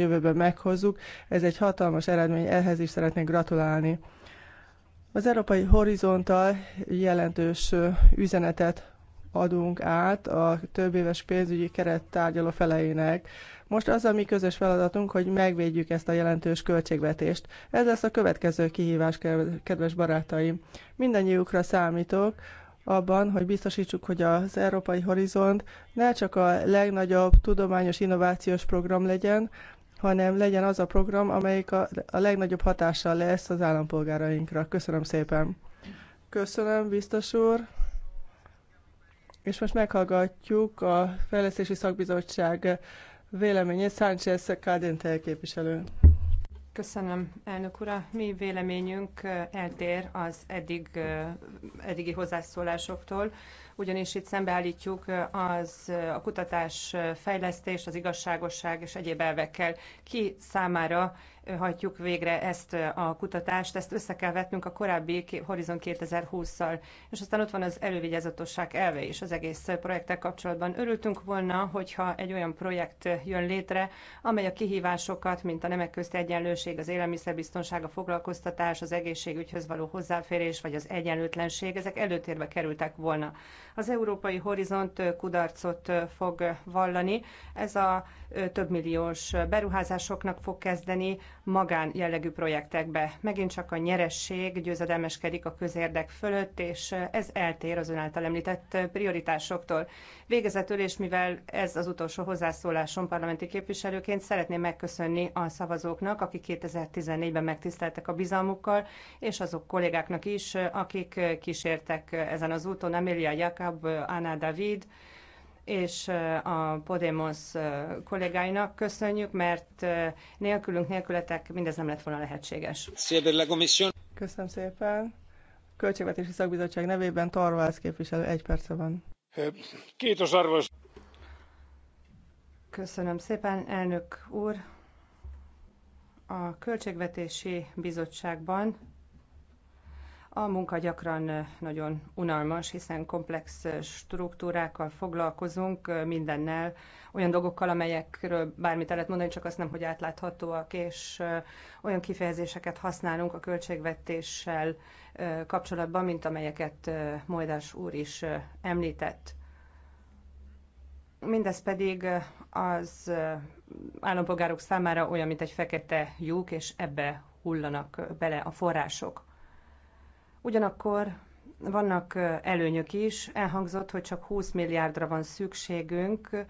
jövőben meghozzuk. Ez egy hatalmas eredmény, ehhez is szeretnék gratulálni. Az Európai Horizontal jelentős üzenetet adunk át a több éves pénzügyi keret tárgyaló feleinek. Most az a mi közös feladatunk, hogy megvédjük ezt a jelentős költségvetést. Ez lesz a következő kihívás, kedves barátaim. Mindennyiukra számítok, abban, hogy biztosítsuk, hogy az Európai Horizont ne csak a legnagyobb tudományos innovációs program legyen, hanem legyen az a program, amelyik a, a legnagyobb hatással lesz az állampolgárainkra. Köszönöm szépen. Köszönöm, biztos úr. És most meghallgatjuk a Fejlesztési Szakbizottság véleményét Sánchez Kádente képviselő. Köszönöm, elnök ura. Mi véleményünk eh, eltér az eddig, eh, eddigi hozzászólásoktól ugyanis itt szembeállítjuk az, a kutatás fejlesztés, az igazságosság és egyéb elvekkel. Ki számára hajtjuk végre ezt a kutatást, ezt össze kell vetnünk a korábbi Horizon 2020-szal, és aztán ott van az elővigyázatosság elve is az egész projekttel kapcsolatban. Örültünk volna, hogyha egy olyan projekt jön létre, amely a kihívásokat, mint a nemek közti egyenlőség, az élelmiszerbiztonság, a foglalkoztatás, az egészségügyhöz való hozzáférés, vagy az egyenlőtlenség, ezek előtérbe kerültek volna. Az Európai Horizont kudarcot fog vallani, ez a több milliós beruházásoknak fog kezdeni, magán jellegű projektekbe. Megint csak a nyeresség győzedelmeskedik a közérdek fölött, és ez eltér az ön által említett prioritásoktól. Végezetül, és mivel ez az utolsó hozzászólásom parlamenti képviselőként, szeretném megköszönni a szavazóknak, akik 2014-ben megtiszteltek a bizalmukkal, és azok kollégáknak is, akik kísértek ezen az úton, Amelia Jakab, Anna David, és a Podemos kollégáinak köszönjük, mert nélkülünk, nélkületek mindez nem lett volna lehetséges. Köszönöm szépen. Költségvetési Szakbizottság nevében Tarvász képviselő, egy perce van. az arvos. Köszönöm szépen, elnök úr. A Költségvetési Bizottságban a munka gyakran nagyon unalmas, hiszen komplex struktúrákkal foglalkozunk mindennel, olyan dolgokkal, amelyekről bármit el lehet mondani, csak azt nem, hogy átláthatóak, és olyan kifejezéseket használunk a költségvetéssel kapcsolatban, mint amelyeket Mojdás úr is említett. Mindez pedig az állampolgárok számára olyan, mint egy fekete lyuk, és ebbe hullanak bele a források. Ugyanakkor vannak előnyök is. Elhangzott, hogy csak 20 milliárdra van szükségünk,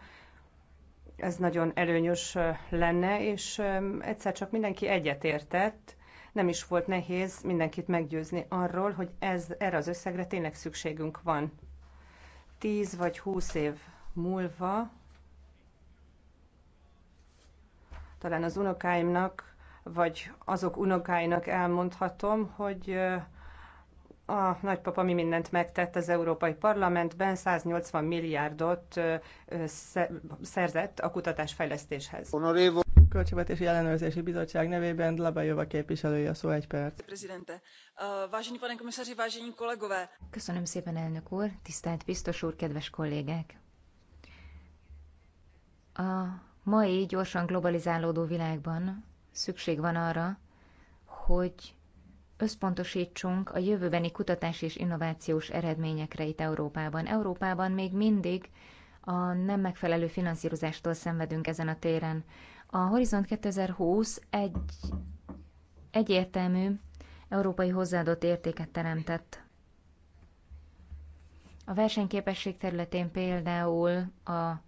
ez nagyon előnyös lenne, és egyszer csak mindenki egyetértett, nem is volt nehéz mindenkit meggyőzni arról, hogy ez, erre az összegre tényleg szükségünk van. 10 vagy 20 év múlva talán az unokáimnak, vagy azok unokáinak elmondhatom, hogy a nagypapa mi mindent megtett az Európai Parlamentben, 180 milliárdot szerzett a kutatásfejlesztéshez. Honorévo. Költségvetési Ellenőrzési Bizottság nevében Dlabajova képviselője a szó egy perc. Köszönöm szépen, elnök úr, tisztelt biztos úr, kedves kollégák! A mai gyorsan globalizálódó világban szükség van arra, hogy összpontosítsunk a jövőbeni kutatás és innovációs eredményekre itt Európában. Európában még mindig a nem megfelelő finanszírozástól szenvedünk ezen a téren. A Horizont 2020 egy egyértelmű európai hozzáadott értéket teremtett. A versenyképesség területén például a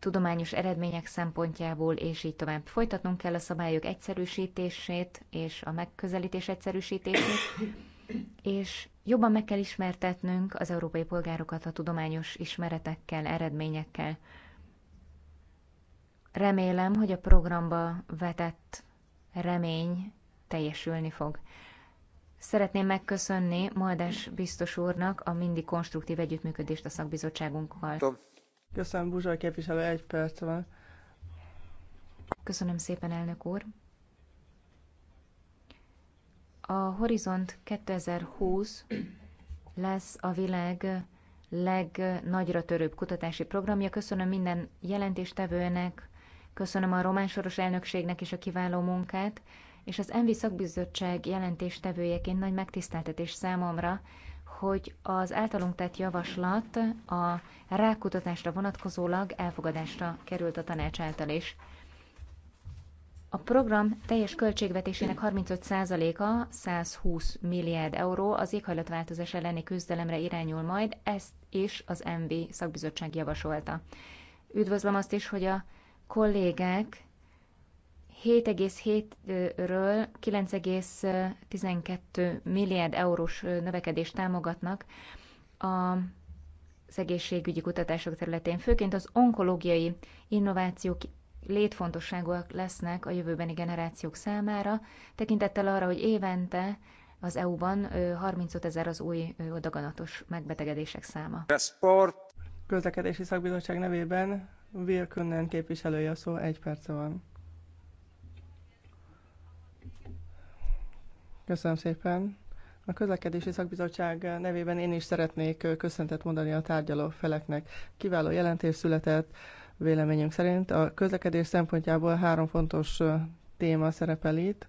tudományos eredmények szempontjából, és így tovább. Folytatnunk kell a szabályok egyszerűsítését és a megközelítés egyszerűsítését, és jobban meg kell ismertetnünk az európai polgárokat a tudományos ismeretekkel, eredményekkel. Remélem, hogy a programba vetett remény teljesülni fog. Szeretném megköszönni Moldes biztos úrnak a mindig konstruktív együttműködést a szakbizottságunkkal. Tom. Köszönöm, Buzsai képviselő, egy perc van. Köszönöm szépen, elnök úr. A Horizont 2020 lesz a világ legnagyra törőbb kutatási programja. Köszönöm minden jelentéstevőnek, köszönöm a román soros elnökségnek is a kiváló munkát, és az Envi szakbizottság jelentéstevőjeként nagy megtiszteltetés számomra, hogy az általunk tett javaslat a rákutatásra vonatkozólag elfogadásra került a tanács által is. A program teljes költségvetésének 35%-a, 120 milliárd euró az éghajlatváltozás elleni küzdelemre irányul majd, ezt is az MV szakbizottság javasolta. Üdvözlöm azt is, hogy a kollégák 7,7-ről 9,12 milliárd eurós növekedést támogatnak a az egészségügyi kutatások területén, főként az onkológiai innovációk létfontosságúak lesznek a jövőbeni generációk számára, tekintettel arra, hogy évente az EU-ban 35 ezer az új odaganatos megbetegedések száma. Sport. Közlekedési Szakbizottság nevében Virkönnen képviselője a szó, egy perce van. Köszönöm szépen. A közlekedési szakbizottság nevében én is szeretnék köszöntet mondani a tárgyaló feleknek. Kiváló jelentés született véleményünk szerint. A közlekedés szempontjából három fontos téma szerepel itt.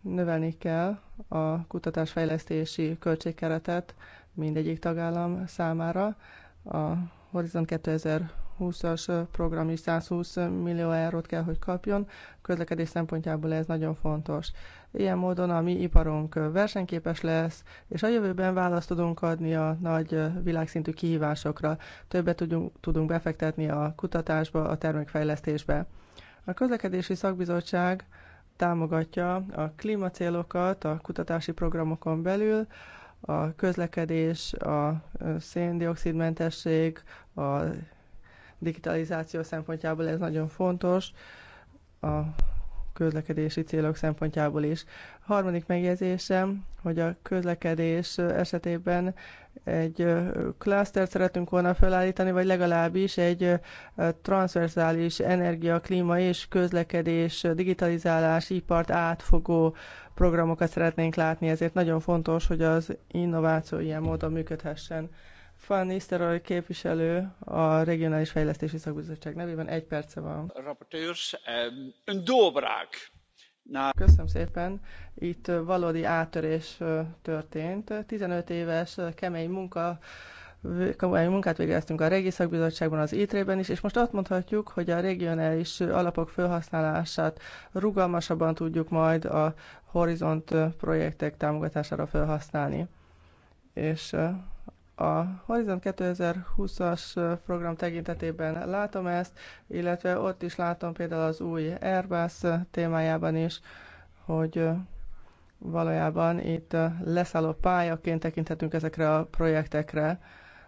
Növelni kell a kutatásfejlesztési költségkeretet mindegyik tagállam számára. A Horizon 2000 20-as program is 120 millió eurót kell, hogy kapjon. közlekedés szempontjából ez nagyon fontos. Ilyen módon a mi iparunk versenyképes lesz, és a jövőben választ tudunk adni a nagy világszintű kihívásokra. Többet tudunk, tudunk befektetni a kutatásba, a termékfejlesztésbe. A közlekedési szakbizottság támogatja a klímacélokat a kutatási programokon belül, a közlekedés, a széndiokszidmentesség, a digitalizáció szempontjából ez nagyon fontos, a közlekedési célok szempontjából is. A harmadik megjegyzésem, hogy a közlekedés esetében egy klasztert szeretünk volna felállítani, vagy legalábbis egy transverzális energia, klíma és közlekedés, digitalizálás, ipart átfogó programokat szeretnénk látni, ezért nagyon fontos, hogy az innováció ilyen módon működhessen. Van Nisztelrooy képviselő a Regionális Fejlesztési Szakbizottság nevében. Egy perce van. Um, Köszönöm szépen. Itt valódi áttörés történt. 15 éves kemény munka kampányi munkát végeztünk a Régi Szakbizottságban, az ITRE-ben is, és most azt mondhatjuk, hogy a regionális alapok felhasználását rugalmasabban tudjuk majd a Horizont projektek támogatására felhasználni. És a Horizon 2020-as program tekintetében látom ezt, illetve ott is látom például az új Airbus témájában is, hogy valójában itt leszálló pályaként tekinthetünk ezekre a projektekre.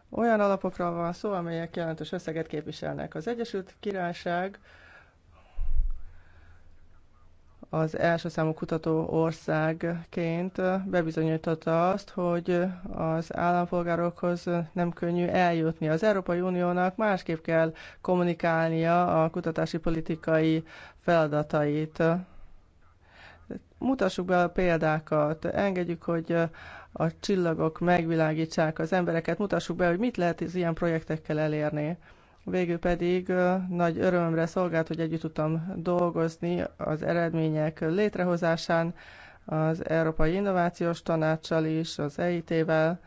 Olyan alapokra van szó, amelyek jelentős összeget képviselnek. Az Egyesült Királyság az első számú kutató országként bebizonyította azt, hogy az állampolgárokhoz nem könnyű eljutni. Az Európai Uniónak másképp kell kommunikálnia a kutatási politikai feladatait. Mutassuk be a példákat, engedjük, hogy a csillagok megvilágítsák az embereket, mutassuk be, hogy mit lehet az ilyen projektekkel elérni. Végül pedig nagy örömre szolgált, hogy együtt tudtam dolgozni az eredmények létrehozásán, az Európai Innovációs Tanácssal is, az EIT-vel.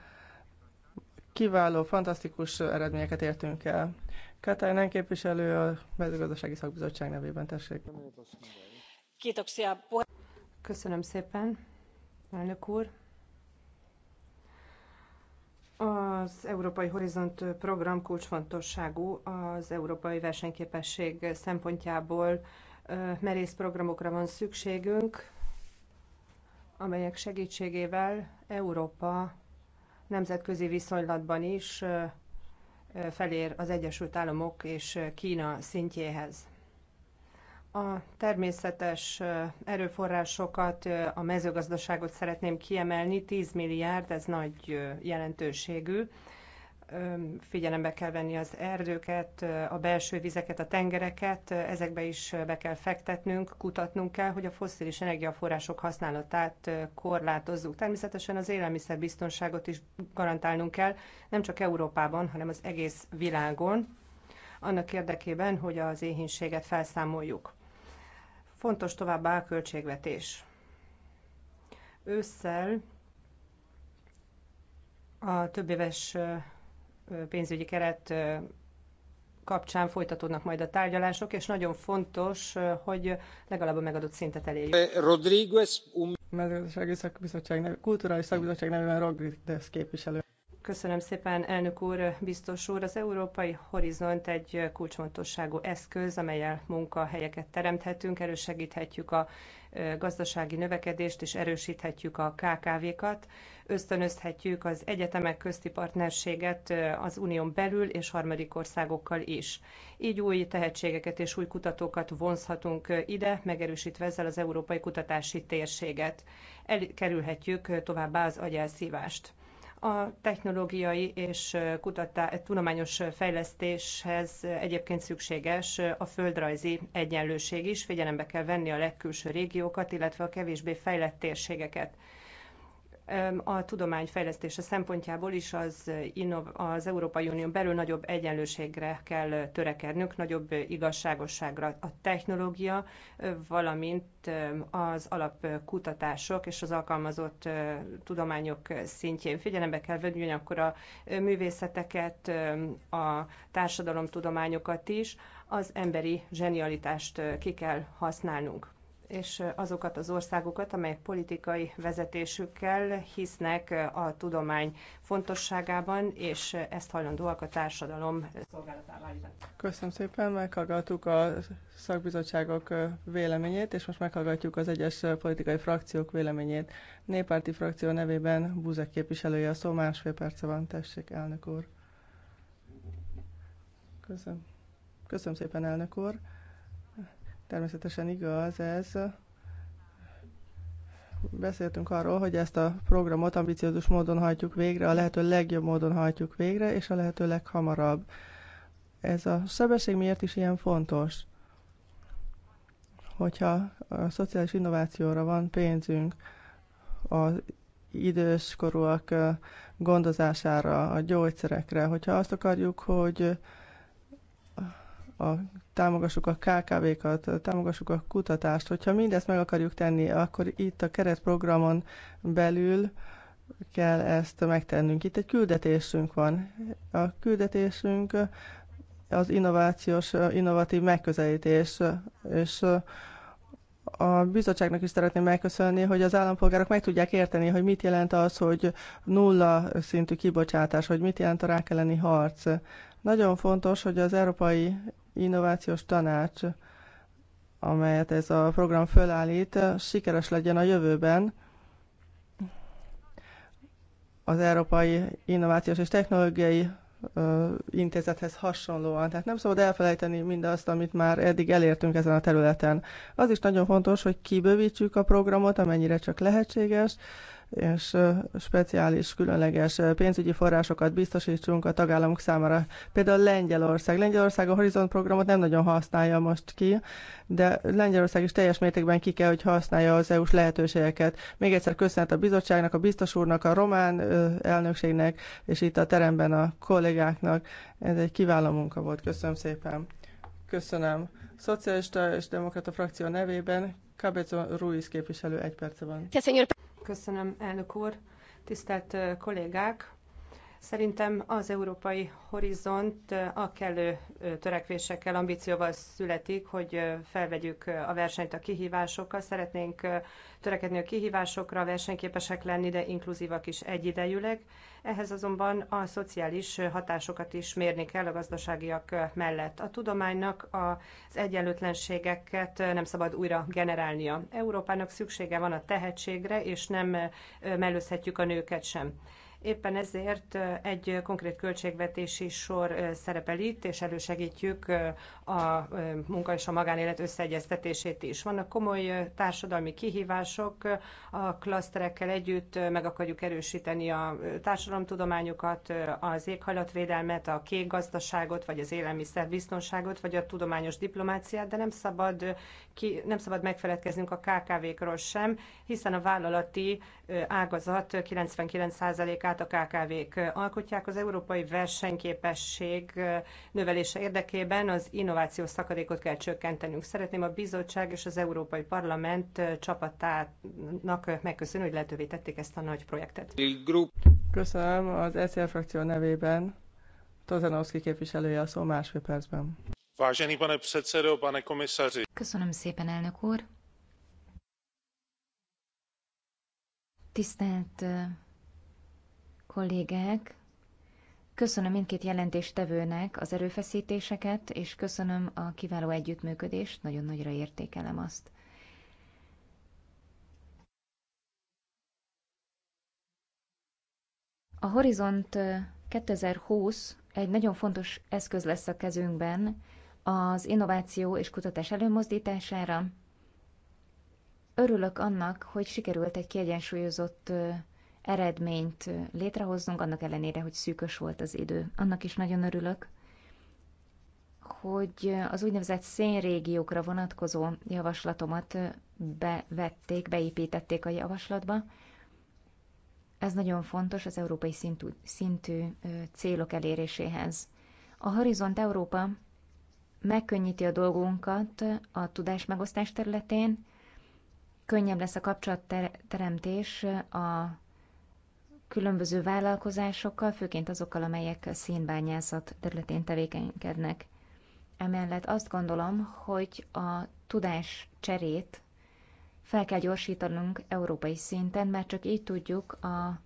Kiváló, fantasztikus eredményeket értünk el. Katalin képviselő a mezőgazdasági szakbizottság nevében, tessék. Köszönöm szépen, elnök úr. Az Európai Horizont program kulcsfontosságú az európai versenyképesség szempontjából merész programokra van szükségünk, amelyek segítségével Európa nemzetközi viszonylatban is felér az Egyesült Államok és Kína szintjéhez. A természetes erőforrásokat, a mezőgazdaságot szeretném kiemelni, 10 milliárd, ez nagy jelentőségű. Figyelembe kell venni az erdőket, a belső vizeket, a tengereket, ezekbe is be kell fektetnünk, kutatnunk kell, hogy a fosszilis energiaforrások használatát korlátozzuk. Természetesen az élelmiszerbiztonságot is garantálnunk kell, nem csak Európában, hanem az egész világon annak érdekében, hogy az éhínséget felszámoljuk. Fontos továbbá a költségvetés. Ősszel a többéves pénzügyi keret kapcsán folytatódnak majd a tárgyalások, és nagyon fontos, hogy legalább a megadott szintet elérjük. Eh, Rodriguez, um... Mezőgazdasági Szakbizottság, nev... Kulturális Szakbizottság nevében Rodriguez képviselő. Köszönöm szépen, elnök úr, biztos úr. Az Európai Horizont egy kulcsfontosságú eszköz, amelyel munkahelyeket teremthetünk, elősegíthetjük a gazdasági növekedést és erősíthetjük a KKV-kat, ösztönözhetjük az egyetemek közti partnerséget az unión belül és harmadik országokkal is. Így új tehetségeket és új kutatókat vonzhatunk ide, megerősítve ezzel az európai kutatási térséget. Elkerülhetjük továbbá az agyelszívást. A technológiai és kutatá, tudományos fejlesztéshez egyébként szükséges a földrajzi egyenlőség is. Figyelembe kell venni a legkülső régiókat, illetve a kevésbé fejlett térségeket a tudomány fejlesztése szempontjából is az, az Európai Unión belül nagyobb egyenlőségre kell törekednünk, nagyobb igazságosságra a technológia, valamint az alapkutatások és az alkalmazott tudományok szintjén figyelembe kell venni, akkor a művészeteket, a társadalomtudományokat is, az emberi zsenialitást ki kell használnunk és azokat az országokat, amelyek politikai vezetésükkel hisznek a tudomány fontosságában, és ezt hajlandóak a társadalom szolgálatára állítani. Köszönöm szépen, meghallgattuk a szakbizottságok véleményét, és most meghallgatjuk az egyes politikai frakciók véleményét. Néppárti frakció nevében Buzek képviselője a szó, másfél perce van, tessék, elnök úr. Köszönöm. Köszönöm szépen, elnök úr. Természetesen igaz ez. Beszéltünk arról, hogy ezt a programot ambiciózus módon hajtjuk végre, a lehető legjobb módon hajtjuk végre, és a lehető leghamarabb. Ez a sebesség miért is ilyen fontos? Hogyha a szociális innovációra van pénzünk, az időskorúak gondozására, a gyógyszerekre, hogyha azt akarjuk, hogy a, támogassuk a KKV-kat, támogassuk a kutatást. Hogyha mindezt meg akarjuk tenni, akkor itt a keretprogramon belül kell ezt megtennünk. Itt egy küldetésünk van. A küldetésünk az innovációs, innovatív megközelítés, és a bizottságnak is szeretném megköszönni, hogy az állampolgárok meg tudják érteni, hogy mit jelent az, hogy nulla szintű kibocsátás, hogy mit jelent a rák elleni harc. Nagyon fontos, hogy az európai innovációs tanács, amelyet ez a program fölállít, sikeres legyen a jövőben. Az Európai Innovációs és Technológiai intézethez hasonlóan. Tehát nem szabad elfelejteni mindazt, amit már eddig elértünk ezen a területen. Az is nagyon fontos, hogy kibővítsük a programot, amennyire csak lehetséges, és speciális, különleges pénzügyi forrásokat biztosítsunk a tagállamok számára. Például Lengyelország. Lengyelország a Horizont programot nem nagyon használja most ki, de Lengyelország is teljes mértékben ki kell, hogy használja az EU-s lehetőségeket. Még egyszer köszönet a bizottságnak, a biztos úrnak, a román elnökségnek, és itt a teremben a kollégáknak. Ez egy kiváló munka volt. Köszönöm szépen. Köszönöm. Szocialista és Demokrata frakció nevében Cabezon Ruiz képviselő egy perce van. Köszönjük. Köszönöm, elnök úr. Tisztelt kollégák! Szerintem az európai horizont a kellő törekvésekkel, ambícióval születik, hogy felvegyük a versenyt a kihívásokkal. Szeretnénk törekedni a kihívásokra, versenyképesek lenni, de inkluzívak is egyidejűleg. Ehhez azonban a szociális hatásokat is mérni kell a gazdaságiak mellett. A tudománynak az egyenlőtlenségeket nem szabad újra generálnia. Európának szüksége van a tehetségre, és nem mellőzhetjük a nőket sem. Éppen ezért egy konkrét költségvetési sor szerepel itt, és elősegítjük a munka és a magánélet összeegyeztetését is. Vannak komoly társadalmi kihívások, a klaszterekkel együtt meg akarjuk erősíteni a társadalomtudományokat, az éghajlatvédelmet, a kék gazdaságot, vagy az biztonságot, vagy a tudományos diplomáciát, de nem szabad, ki, nem szabad megfeledkeznünk a KKV-król sem, hiszen a vállalati ágazat 99%-át a KKV-k alkotják. Az európai versenyképesség növelése érdekében az innovációs szakadékot kell csökkentenünk. Szeretném a bizottság és az Európai Parlament csapatának megköszönni, hogy lehetővé tették ezt a nagy projektet. Köszönöm az ECR frakció nevében. Tozanowski képviselője a szó másfél percben. Vážený pane předsedo, pane komisaři. Köszönöm szépen, elnök úr. Tisztelt kollégák! Köszönöm mindkét jelentéstevőnek az erőfeszítéseket, és köszönöm a kiváló együttműködést, nagyon nagyra értékelem azt. A Horizont 2020 egy nagyon fontos eszköz lesz a kezünkben az innováció és kutatás előmozdítására, Örülök annak, hogy sikerült egy kiegyensúlyozott eredményt létrehoznunk, annak ellenére, hogy szűkös volt az idő. Annak is nagyon örülök, hogy az úgynevezett szénrégiókra vonatkozó javaslatomat bevették, beépítették a javaslatba. Ez nagyon fontos az európai szintű, szintű célok eléréséhez. A Horizont Európa megkönnyíti a dolgunkat a tudásmegosztás területén, könnyebb lesz a kapcsolatteremtés a különböző vállalkozásokkal, főként azokkal, amelyek szénbányászat területén tevékenykednek. Emellett azt gondolom, hogy a tudás cserét fel kell gyorsítanunk európai szinten, mert csak így tudjuk a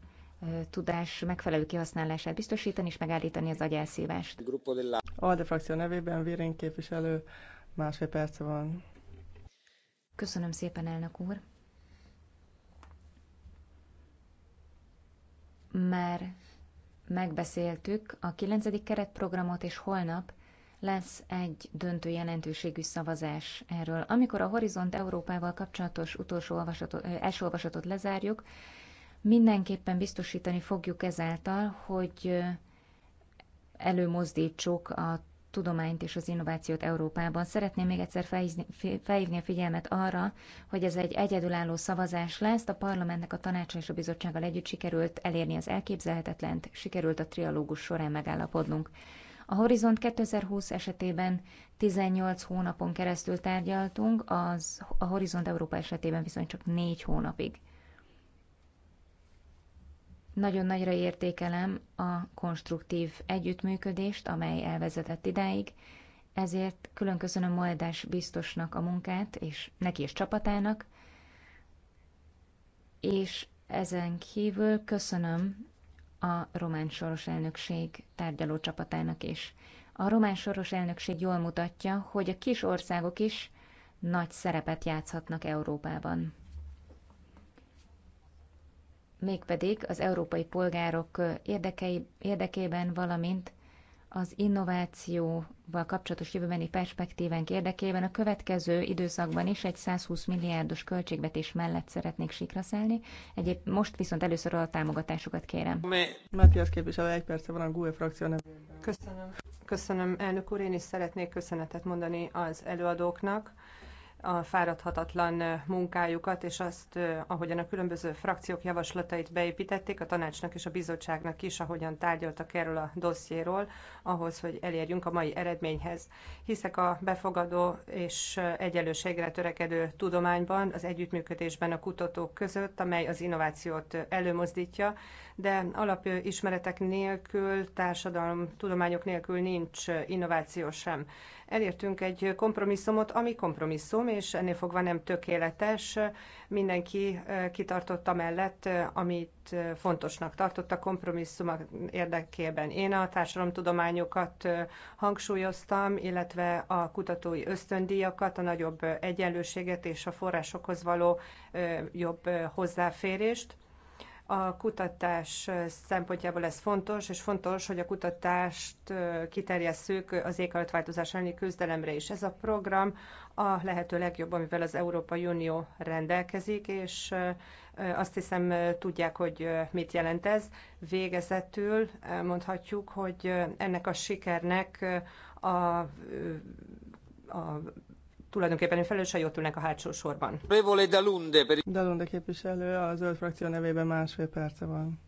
e, tudás megfelelő kihasználását biztosítani és megállítani az agyelszívást. A de frakció nevében Vérén képviselő másfél perc van. Köszönöm szépen, elnök úr. Már megbeszéltük a 9. keretprogramot, és holnap lesz egy döntő jelentőségű szavazás erről. Amikor a Horizont Európával kapcsolatos utolsó olvasatot, első olvasatot lezárjuk, mindenképpen biztosítani fogjuk ezáltal, hogy előmozdítsuk a tudományt és az innovációt Európában. Szeretném még egyszer felhívni a figyelmet arra, hogy ez egy egyedülálló szavazás lesz. A parlamentnek, a tanácsa és a bizottsággal együtt sikerült elérni az elképzelhetetlent, sikerült a trialógus során megállapodnunk. A Horizont 2020 esetében 18 hónapon keresztül tárgyaltunk, az a Horizont Európa esetében viszont csak 4 hónapig. Nagyon nagyra értékelem a konstruktív együttműködést, amely elvezetett idáig, ezért külön köszönöm Moedás biztosnak a munkát, és neki és csapatának, és ezen kívül köszönöm a román soros elnökség tárgyaló csapatának is. A román soros elnökség jól mutatja, hogy a kis országok is nagy szerepet játszhatnak Európában mégpedig az európai polgárok érdekei, érdekében, valamint az innovációval kapcsolatos jövőbeni perspektívánk érdekében a következő időszakban is egy 120 milliárdos költségvetés mellett szeretnék sikra szállni. Egyéb most viszont először a támogatásokat kérem. Matthias képviselő, egy perce van a GUE frakció nevében. Köszönöm. Köszönöm, elnök úr. Én is szeretnék köszönetet mondani az előadóknak a fáradhatatlan munkájukat, és azt, ahogyan a különböző frakciók javaslatait beépítették a tanácsnak és a bizottságnak is, ahogyan tárgyaltak erről a dossziéról, ahhoz, hogy elérjünk a mai eredményhez. Hiszek a befogadó és egyenlőségre törekedő tudományban, az együttműködésben a kutatók között, amely az innovációt előmozdítja, de alapismeretek nélkül, társadalom tudományok nélkül nincs innováció sem elértünk egy kompromisszumot, ami kompromisszum, és ennél fogva nem tökéletes. Mindenki kitartotta mellett, amit fontosnak tartott a kompromisszum érdekében. Én a társadalomtudományokat hangsúlyoztam, illetve a kutatói ösztöndíjakat, a nagyobb egyenlőséget és a forrásokhoz való jobb hozzáférést a kutatás szempontjából ez fontos, és fontos, hogy a kutatást kiterjesszük az éghajlatváltozás elleni küzdelemre is. Ez a program a lehető legjobb, amivel az Európai Unió rendelkezik, és azt hiszem tudják, hogy mit jelent ez. Végezetül mondhatjuk, hogy ennek a sikernek a, a tulajdonképpen ő felelősen ott ülnek a hátsó sorban. Dalunde képviselő, a zöld frakció nevében másfél perce van.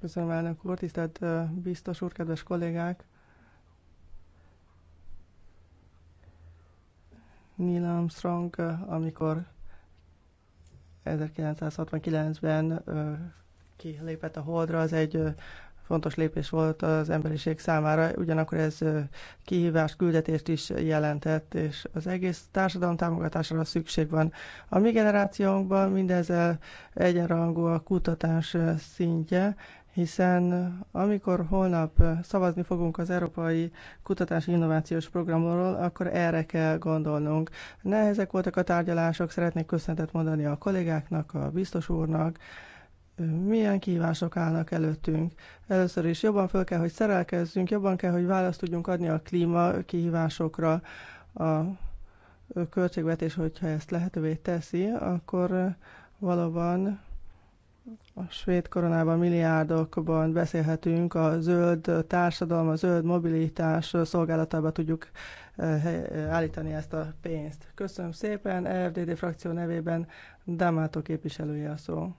Köszönöm, elnök úr, tisztelt biztos úr, kedves kollégák! Neil Armstrong, amikor 1969-ben kilépett a Holdra, az egy fontos lépés volt az emberiség számára, ugyanakkor ez kihívást, küldetést is jelentett, és az egész társadalom támogatására szükség van. A mi generációnkban mindezzel egyenrangú a kutatás szintje, hiszen amikor holnap szavazni fogunk az Európai Kutatási Innovációs Programról, akkor erre kell gondolnunk. Nehezek voltak a tárgyalások, szeretnék köszönetet mondani a kollégáknak, a biztos úrnak, milyen kívások állnak előttünk. Először is jobban föl kell, hogy szerelkezzünk, jobban kell, hogy választ tudjunk adni a klíma kihívásokra. A költségvetés, hogyha ezt lehetővé teszi, akkor valóban a svéd koronában milliárdokban beszélhetünk, a zöld társadalom, a zöld mobilitás szolgálatába tudjuk eh, állítani ezt a pénzt. Köszönöm szépen, RDD frakció nevében Damato képviselője a szó.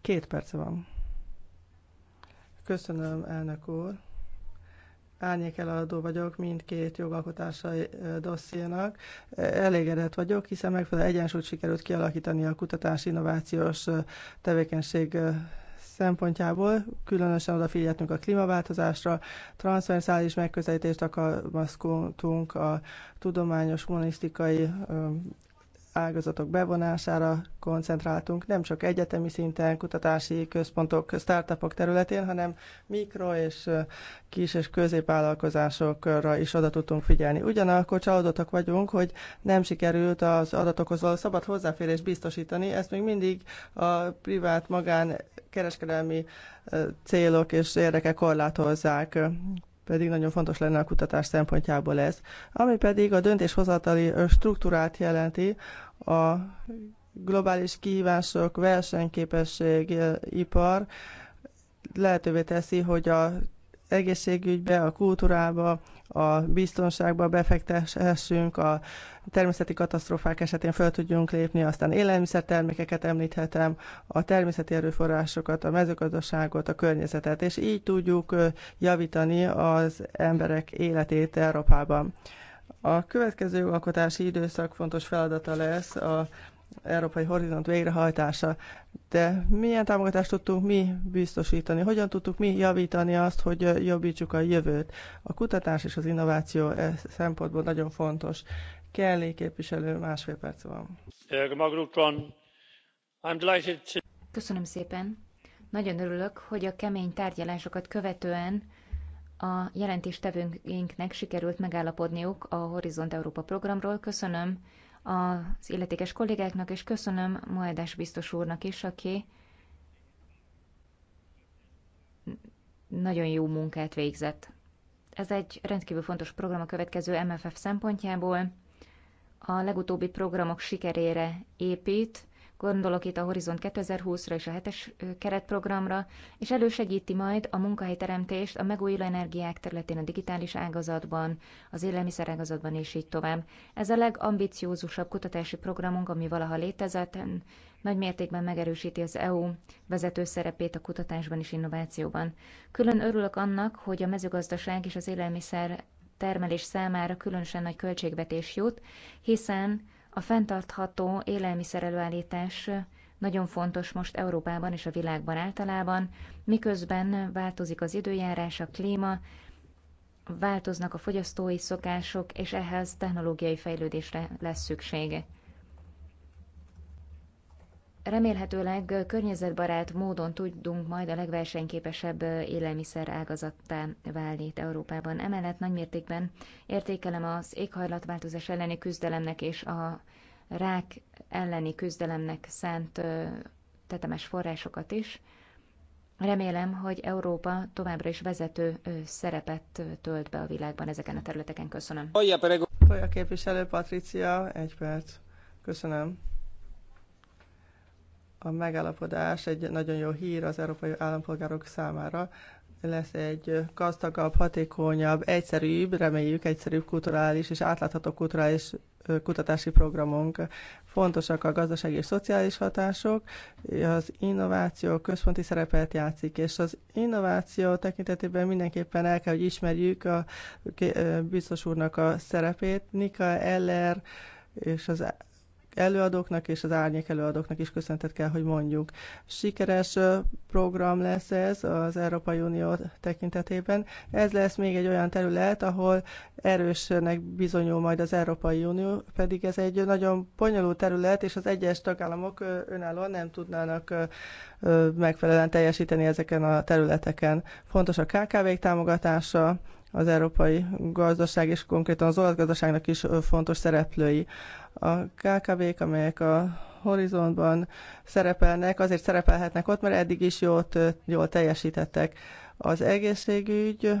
Két perce van. Köszönöm, elnök úr. Árnyék eladó vagyok mindkét jogalkotási dossziénak. Elégedett vagyok, hiszen megfelelő egyensúlyt sikerült kialakítani a kutatás innovációs tevékenység szempontjából különösen odafigyeltünk a klímaváltozásra, transzverszális megközelítést alkalmazkodtunk a tudományos, humanisztikai ágazatok bevonására koncentráltunk, nem csak egyetemi szinten, kutatási központok, startupok területén, hanem mikro és kis és középvállalkozásokra is oda tudtunk figyelni. Ugyanakkor csalódottak vagyunk, hogy nem sikerült az adatokhoz való szabad hozzáférés biztosítani, ezt még mindig a privát magán kereskedelmi célok és érdekek korlátozzák pedig nagyon fontos lenne a kutatás szempontjából ez. Ami pedig a döntéshozatali struktúrát jelenti, a globális kihívások, versenyképesség, ipar lehetővé teszi, hogy a egészségügybe, a kultúrába, a biztonságba befektessünk, a természeti katasztrófák esetén föl tudjunk lépni, aztán élelmiszertermékeket említhetem, a természeti erőforrásokat, a mezőgazdaságot, a környezetet, és így tudjuk javítani az emberek életét Európában. A következő alkotási időszak fontos feladata lesz a Európai Horizont végrehajtása. De milyen támogatást tudtunk mi biztosítani? Hogyan tudtuk mi javítani azt, hogy jobbítsuk a jövőt? A kutatás és az innováció ez szempontból nagyon fontos. Kelly képviselő, másfél perc van. Köszönöm szépen. Nagyon örülök, hogy a kemény tárgyalásokat követően a jelentéstevőinknek sikerült megállapodniuk a Horizont Európa programról. Köszönöm az illetékes kollégáknak, és köszönöm Moedes biztos úrnak is, aki nagyon jó munkát végzett. Ez egy rendkívül fontos program a következő MFF szempontjából. A legutóbbi programok sikerére épít, Gondolok itt a Horizont 2020-ra és a hetes keretprogramra, és elősegíti majd a munkahelyteremtést a megújuló energiák területén, a digitális ágazatban, az élelmiszer és így tovább. Ez a legambiciózusabb kutatási programunk, ami valaha létezett, nagy mértékben megerősíti az EU vezető szerepét a kutatásban és innovációban. Külön örülök annak, hogy a mezőgazdaság és az élelmiszer termelés számára különösen nagy költségvetés jut, hiszen a fenntartható előállítás nagyon fontos most Európában és a világban általában, miközben változik az időjárás, a klíma, változnak a fogyasztói szokások, és ehhez technológiai fejlődésre lesz szüksége remélhetőleg környezetbarát módon tudunk majd a legversenyképesebb élelmiszer ágazattá válni itt Európában. Emellett nagymértékben értékelem az éghajlatváltozás elleni küzdelemnek és a rák elleni küzdelemnek szánt tetemes forrásokat is. Remélem, hogy Európa továbbra is vezető szerepet tölt be a világban ezeken a területeken. Köszönöm. Olyan képviselő Patricia, egy perc. Köszönöm a megállapodás egy nagyon jó hír az európai állampolgárok számára. Lesz egy gazdagabb, hatékonyabb, egyszerűbb, reméljük egyszerűbb kulturális és átlátható kulturális kutatási programunk. Fontosak a gazdasági és szociális hatások, az innováció központi szerepet játszik, és az innováció tekintetében mindenképpen el kell, hogy ismerjük a biztos úrnak a szerepét. Nika Eller és az előadóknak és az árnyék előadóknak is köszöntet kell, hogy mondjuk. Sikeres program lesz ez az Európai Unió tekintetében. Ez lesz még egy olyan terület, ahol erősnek bizonyul majd az Európai Unió, pedig ez egy nagyon bonyolult terület, és az egyes tagállamok önállóan nem tudnának megfelelően teljesíteni ezeken a területeken. Fontos a KKV-k támogatása, az európai gazdaság, és konkrétan az olasz gazdaságnak is fontos szereplői. A KKV-k, amelyek a horizontban szerepelnek, azért szerepelhetnek ott, mert eddig is jót, jól teljesítettek. Az egészségügy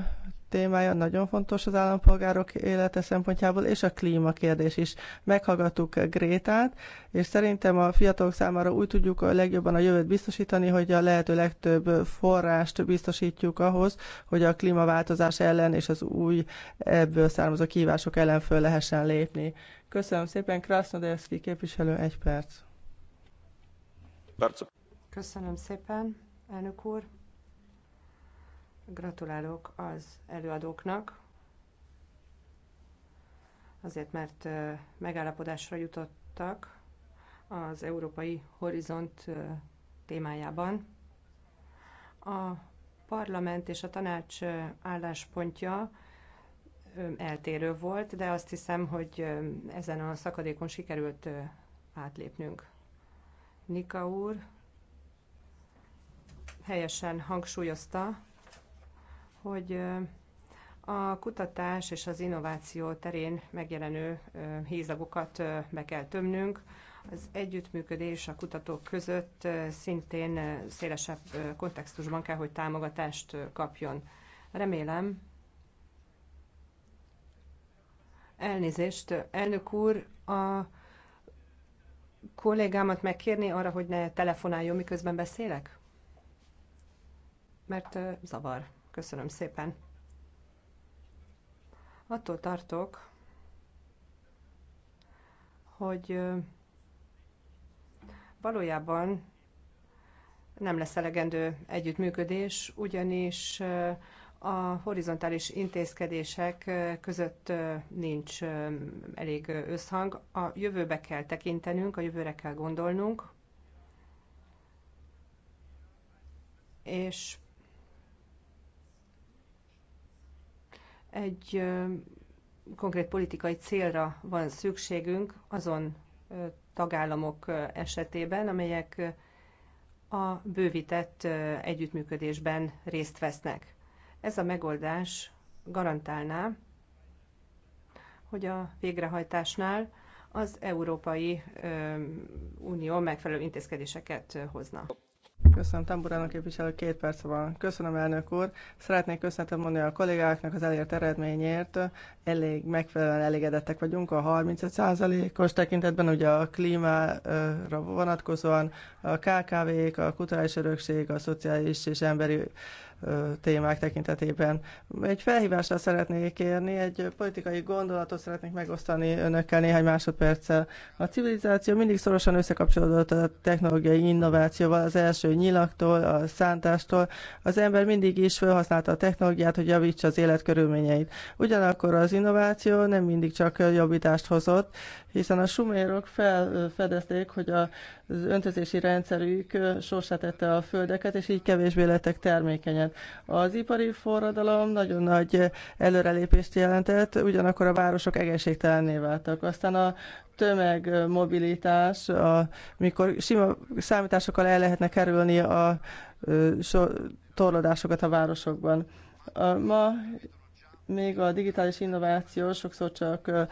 témája nagyon fontos az állampolgárok élete szempontjából, és a klímakérdés is. Meghallgattuk Grétát, és szerintem a fiatalok számára úgy tudjuk a legjobban a jövőt biztosítani, hogy a lehető legtöbb forrást biztosítjuk ahhoz, hogy a klímaváltozás ellen és az új ebből származó kívások ellen föl lehessen lépni. Köszönöm szépen, Krasznodevszki képviselő, egy perc. Köszönöm szépen, elnök úr. Gratulálok az előadóknak, azért mert megállapodásra jutottak az Európai Horizont témájában. A parlament és a tanács álláspontja eltérő volt, de azt hiszem, hogy ezen a szakadékon sikerült átlépnünk. Nika úr helyesen hangsúlyozta, hogy a kutatás és az innováció terén megjelenő hézagokat be kell tömnünk. Az együttműködés a kutatók között szintén szélesebb kontextusban kell, hogy támogatást kapjon. Remélem, elnézést, elnök úr, a kollégámat megkérni arra, hogy ne telefonáljon, miközben beszélek? Mert zavar. Köszönöm szépen. Attól tartok, hogy valójában nem lesz elegendő együttműködés, ugyanis a horizontális intézkedések között nincs elég összhang. A jövőbe kell tekintenünk, a jövőre kell gondolnunk, és Egy konkrét politikai célra van szükségünk azon tagállamok esetében, amelyek a bővített együttműködésben részt vesznek. Ez a megoldás garantálná, hogy a végrehajtásnál az Európai Unió megfelelő intézkedéseket hozna. Köszönöm, Tamburának képviselő, két perc van. Köszönöm, elnök úr. Szeretnék köszönetet mondani a kollégáknak az elért eredményért. Elég megfelelően elégedettek vagyunk a 35%-os tekintetben, ugye a klímára vonatkozóan a KKV-k, a kulturális örökség, a szociális és emberi témák tekintetében. Egy felhívásra szeretnék érni, egy politikai gondolatot szeretnék megosztani önökkel néhány másodperccel. A civilizáció mindig szorosan összekapcsolódott a technológiai innovációval, az első nyilaktól, a szántástól. Az ember mindig is felhasználta a technológiát, hogy javítsa az életkörülményeit. Ugyanakkor az innováció nem mindig csak jobbítást hozott, hiszen a sumérok felfedezték, hogy az öntözési rendszerük sorsátette a földeket, és így kevésbé lettek termékenyek az ipari forradalom nagyon nagy előrelépést jelentett, ugyanakkor a városok egészségtelenné váltak. Aztán a tömegmobilitás, amikor sima számításokkal el lehetne kerülni a so, torlódásokat a városokban. Ma még a digitális innováció sokszor csak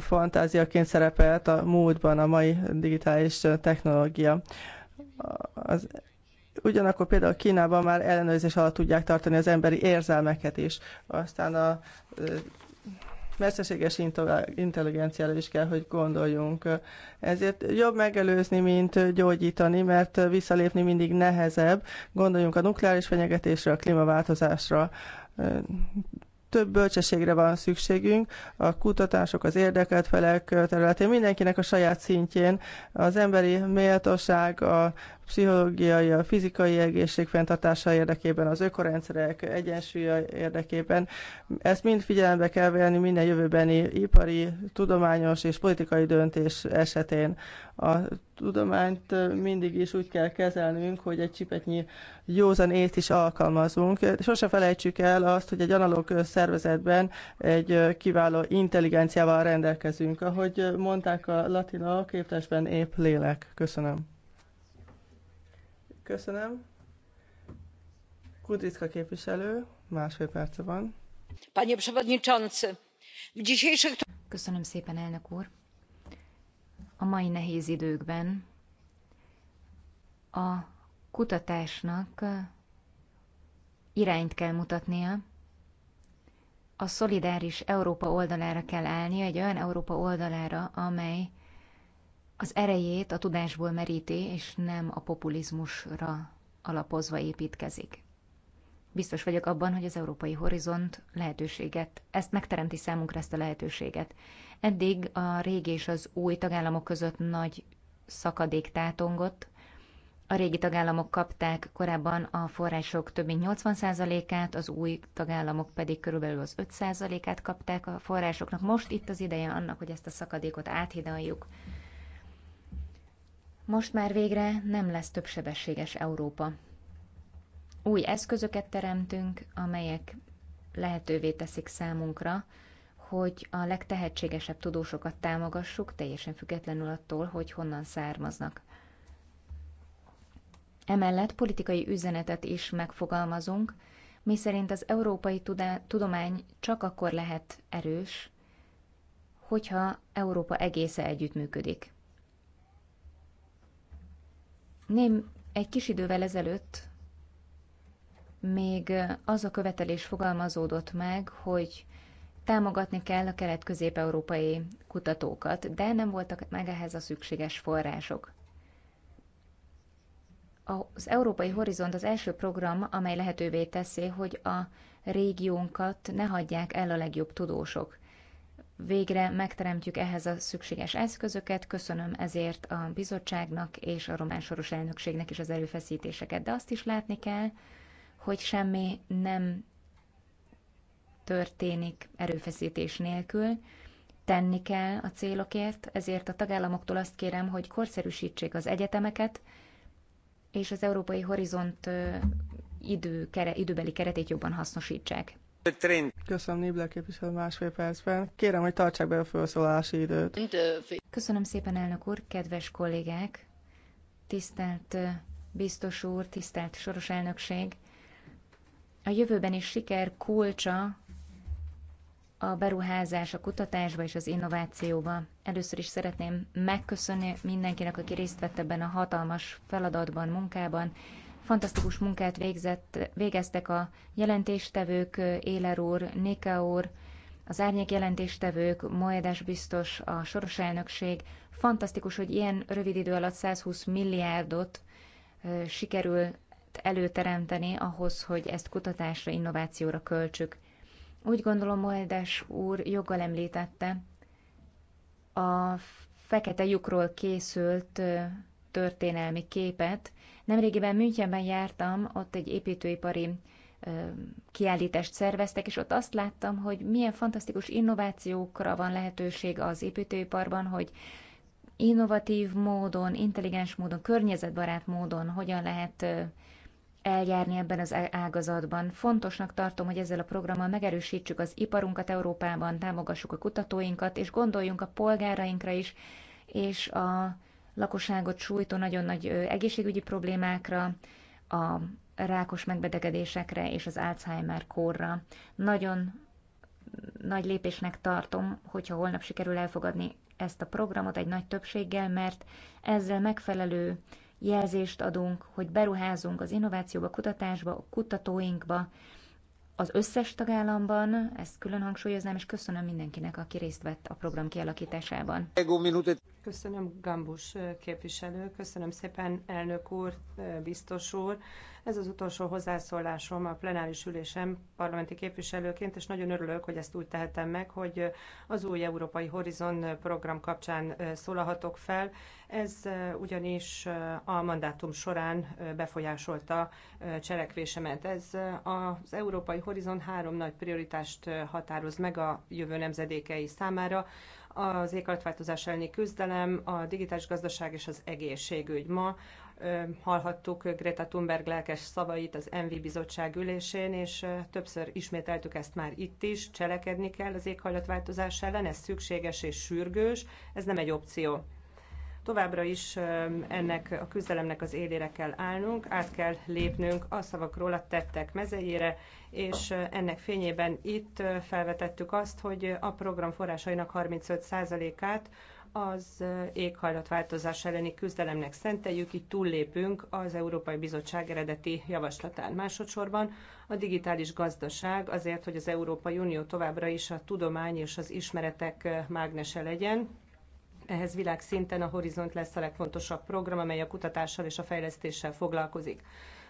fantáziaként szerepelt a múltban a mai digitális technológia. Az Ugyanakkor például Kínában már ellenőrzés alatt tudják tartani az emberi érzelmeket is. Aztán a mesterséges intelligenciára is kell, hogy gondoljunk. Ezért jobb megelőzni, mint gyógyítani, mert visszalépni mindig nehezebb. Gondoljunk a nukleáris fenyegetésre, a klímaváltozásra. Több bölcsességre van szükségünk, a kutatások, az érdekelt felek területén, mindenkinek a saját szintjén. Az emberi méltóság, a pszichológiai, a fizikai egészség fenntartása érdekében, az ökorendszerek egyensúlya érdekében. Ezt mind figyelembe kell venni minden jövőbeni ipari, tudományos és politikai döntés esetén. A tudományt mindig is úgy kell kezelnünk, hogy egy csipetnyi józan ét is alkalmazunk. Sose felejtsük el azt, hogy egy analóg szervezetben egy kiváló intelligenciával rendelkezünk. Ahogy mondták a latinok, képtesben épp lélek. Köszönöm. Köszönöm. Kudricka képviselő, másfél perce van. Panie przewodniczący, w dzisiejszych... Köszönöm szépen, elnök úr. A mai nehéz időkben a kutatásnak irányt kell mutatnia, a szolidáris Európa oldalára kell állnia, egy olyan Európa oldalára, amely az erejét a tudásból meríti, és nem a populizmusra alapozva építkezik. Biztos vagyok abban, hogy az Európai Horizont lehetőséget, ezt megteremti számunkra ezt a lehetőséget. Eddig a régi és az új tagállamok között nagy szakadék tátongott. A régi tagállamok kapták korábban a források több mint 80%-át, az új tagállamok pedig körülbelül az 5%-át kapták a forrásoknak. Most itt az ideje annak, hogy ezt a szakadékot áthidaljuk. Most már végre nem lesz többsebességes Európa. Új eszközöket teremtünk, amelyek lehetővé teszik számunkra, hogy a legtehetségesebb tudósokat támogassuk, teljesen függetlenül attól, hogy honnan származnak. Emellett politikai üzenetet is megfogalmazunk, miszerint az európai tudomány csak akkor lehet erős, hogyha Európa egésze együttműködik. Ném, egy kis idővel ezelőtt még az a követelés fogalmazódott meg, hogy támogatni kell a kelet-közép-európai kutatókat, de nem voltak meg ehhez a szükséges források. Az Európai Horizont az első program, amely lehetővé teszi, hogy a régiónkat ne hagyják el a legjobb tudósok végre megteremtjük ehhez a szükséges eszközöket. Köszönöm ezért a bizottságnak és a román soros elnökségnek is az erőfeszítéseket, de azt is látni kell, hogy semmi nem történik erőfeszítés nélkül. Tenni kell a célokért, ezért a tagállamoktól azt kérem, hogy korszerűsítsék az egyetemeket, és az Európai Horizont idő, kere, időbeli keretét jobban hasznosítsák. Köszönöm, Nibler képviselő másfél percben. Kérem, hogy tartsák be a felszólalási időt. Köszönöm szépen, elnök úr, kedves kollégák, tisztelt biztos úr, tisztelt soros elnökség. A jövőben is siker kulcsa a beruházás a kutatásba és az innovációba. Először is szeretném megköszönni mindenkinek, aki részt vett ebben a hatalmas feladatban, munkában. Fantasztikus munkát végzett, végeztek a jelentéstevők, Éler úr, Néka úr, az árnyék jelentéstevők, Moedes biztos, a soros elnökség. Fantasztikus, hogy ilyen rövid idő alatt 120 milliárdot sikerül előteremteni ahhoz, hogy ezt kutatásra, innovációra költsük. Úgy gondolom, Moedes úr joggal említette a fekete lyukról készült történelmi képet, Nemrégiben Münchenben jártam, ott egy építőipari kiállítást szerveztek, és ott azt láttam, hogy milyen fantasztikus innovációkra van lehetőség az építőiparban, hogy innovatív módon, intelligens módon, környezetbarát módon hogyan lehet eljárni ebben az ágazatban. Fontosnak tartom, hogy ezzel a programmal megerősítsük az iparunkat Európában, támogassuk a kutatóinkat, és gondoljunk a polgárainkra is, és a lakosságot sújtó nagyon nagy egészségügyi problémákra, a rákos megbetegedésekre és az Alzheimer kórra. Nagyon nagy lépésnek tartom, hogyha holnap sikerül elfogadni ezt a programot egy nagy többséggel, mert ezzel megfelelő jelzést adunk, hogy beruházunk az innovációba, kutatásba, a kutatóinkba, az összes tagállamban, ezt külön hangsúlyoznám, és köszönöm mindenkinek, aki részt vett a program kialakításában. Köszönöm, Gambus képviselő. Köszönöm szépen, elnök úr, biztos úr. Ez az utolsó hozzászólásom a plenáris ülésem parlamenti képviselőként, és nagyon örülök, hogy ezt úgy tehetem meg, hogy az új Európai Horizon program kapcsán szólalhatok fel. Ez ugyanis a mandátum során befolyásolta cselekvésemet. Ez az Európai Horizon három nagy prioritást határoz meg a jövő nemzedékei számára az éghajlatváltozás elleni küzdelem, a digitális gazdaság és az egészségügy. Ma hallhattuk Greta Thunberg lelkes szavait az MV Bizottság ülésén, és többször ismételtük ezt már itt is, cselekedni kell az éghajlatváltozás ellen, ez szükséges és sürgős, ez nem egy opció. Továbbra is ennek a küzdelemnek az élére kell állnunk, át kell lépnünk a szavakról a tettek mezejére, és ennek fényében itt felvetettük azt, hogy a program forrásainak 35%-át az éghajlatváltozás elleni küzdelemnek szenteljük, így túllépünk az Európai Bizottság eredeti javaslatán. Másodszorban a digitális gazdaság azért, hogy az Európai Unió továbbra is a tudomány és az ismeretek mágnese legyen, ehhez világszinten a Horizont lesz a legfontosabb program, amely a kutatással és a fejlesztéssel foglalkozik.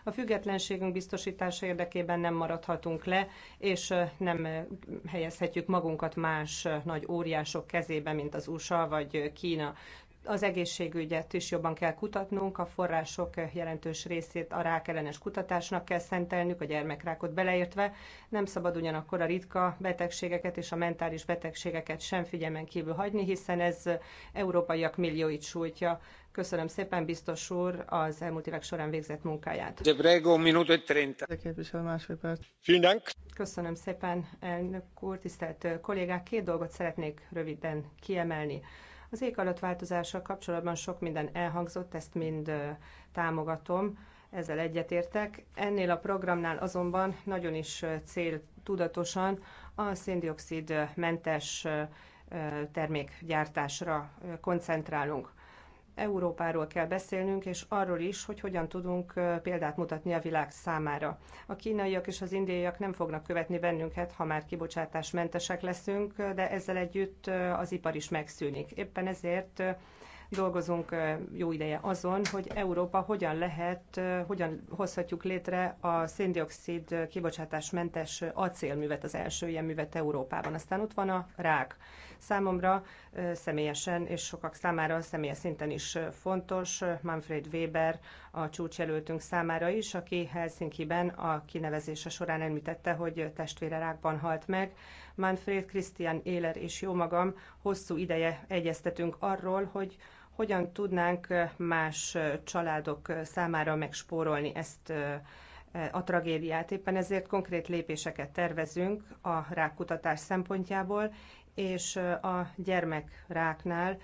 A függetlenségünk biztosítása érdekében nem maradhatunk le, és nem helyezhetjük magunkat más nagy óriások kezébe, mint az USA vagy Kína az egészségügyet is jobban kell kutatnunk, a források jelentős részét a rákellenes kutatásnak kell szentelnünk, a gyermekrákot beleértve. Nem szabad ugyanakkor a ritka betegségeket és a mentális betegségeket sem figyelmen kívül hagyni, hiszen ez európaiak millióit sújtja. Köszönöm szépen, biztos úr, az elmúlt évek során végzett munkáját. De prego, minuto e trenta. perc. Köszönöm szépen, elnök úr, tisztelt kollégák. Két dolgot szeretnék röviden kiemelni. Az alatt változással kapcsolatban sok minden elhangzott, ezt mind támogatom, ezzel egyetértek. Ennél a programnál azonban nagyon is cél tudatosan a széndiokszidmentes mentes termékgyártásra koncentrálunk. Európáról kell beszélnünk, és arról is, hogy hogyan tudunk példát mutatni a világ számára. A kínaiak és az indiaiak nem fognak követni bennünket, ha már kibocsátásmentesek leszünk, de ezzel együtt az ipar is megszűnik. Éppen ezért dolgozunk jó ideje azon, hogy Európa hogyan lehet, hogyan hozhatjuk létre a széndiokszid kibocsátásmentes acélművet, az első ilyen művet Európában. Aztán ott van a rák. Számomra személyesen és sokak számára személyes szinten is fontos Manfred Weber a csúcsjelöltünk számára is, aki Helsinki-ben a kinevezése során említette, hogy testvére rákban halt meg. Manfred, Christian Éler és jó magam hosszú ideje egyeztetünk arról, hogy hogyan tudnánk más családok számára megspórolni ezt a tragédiát. Éppen ezért konkrét lépéseket tervezünk a rákutatás szempontjából, és a gyermekráknál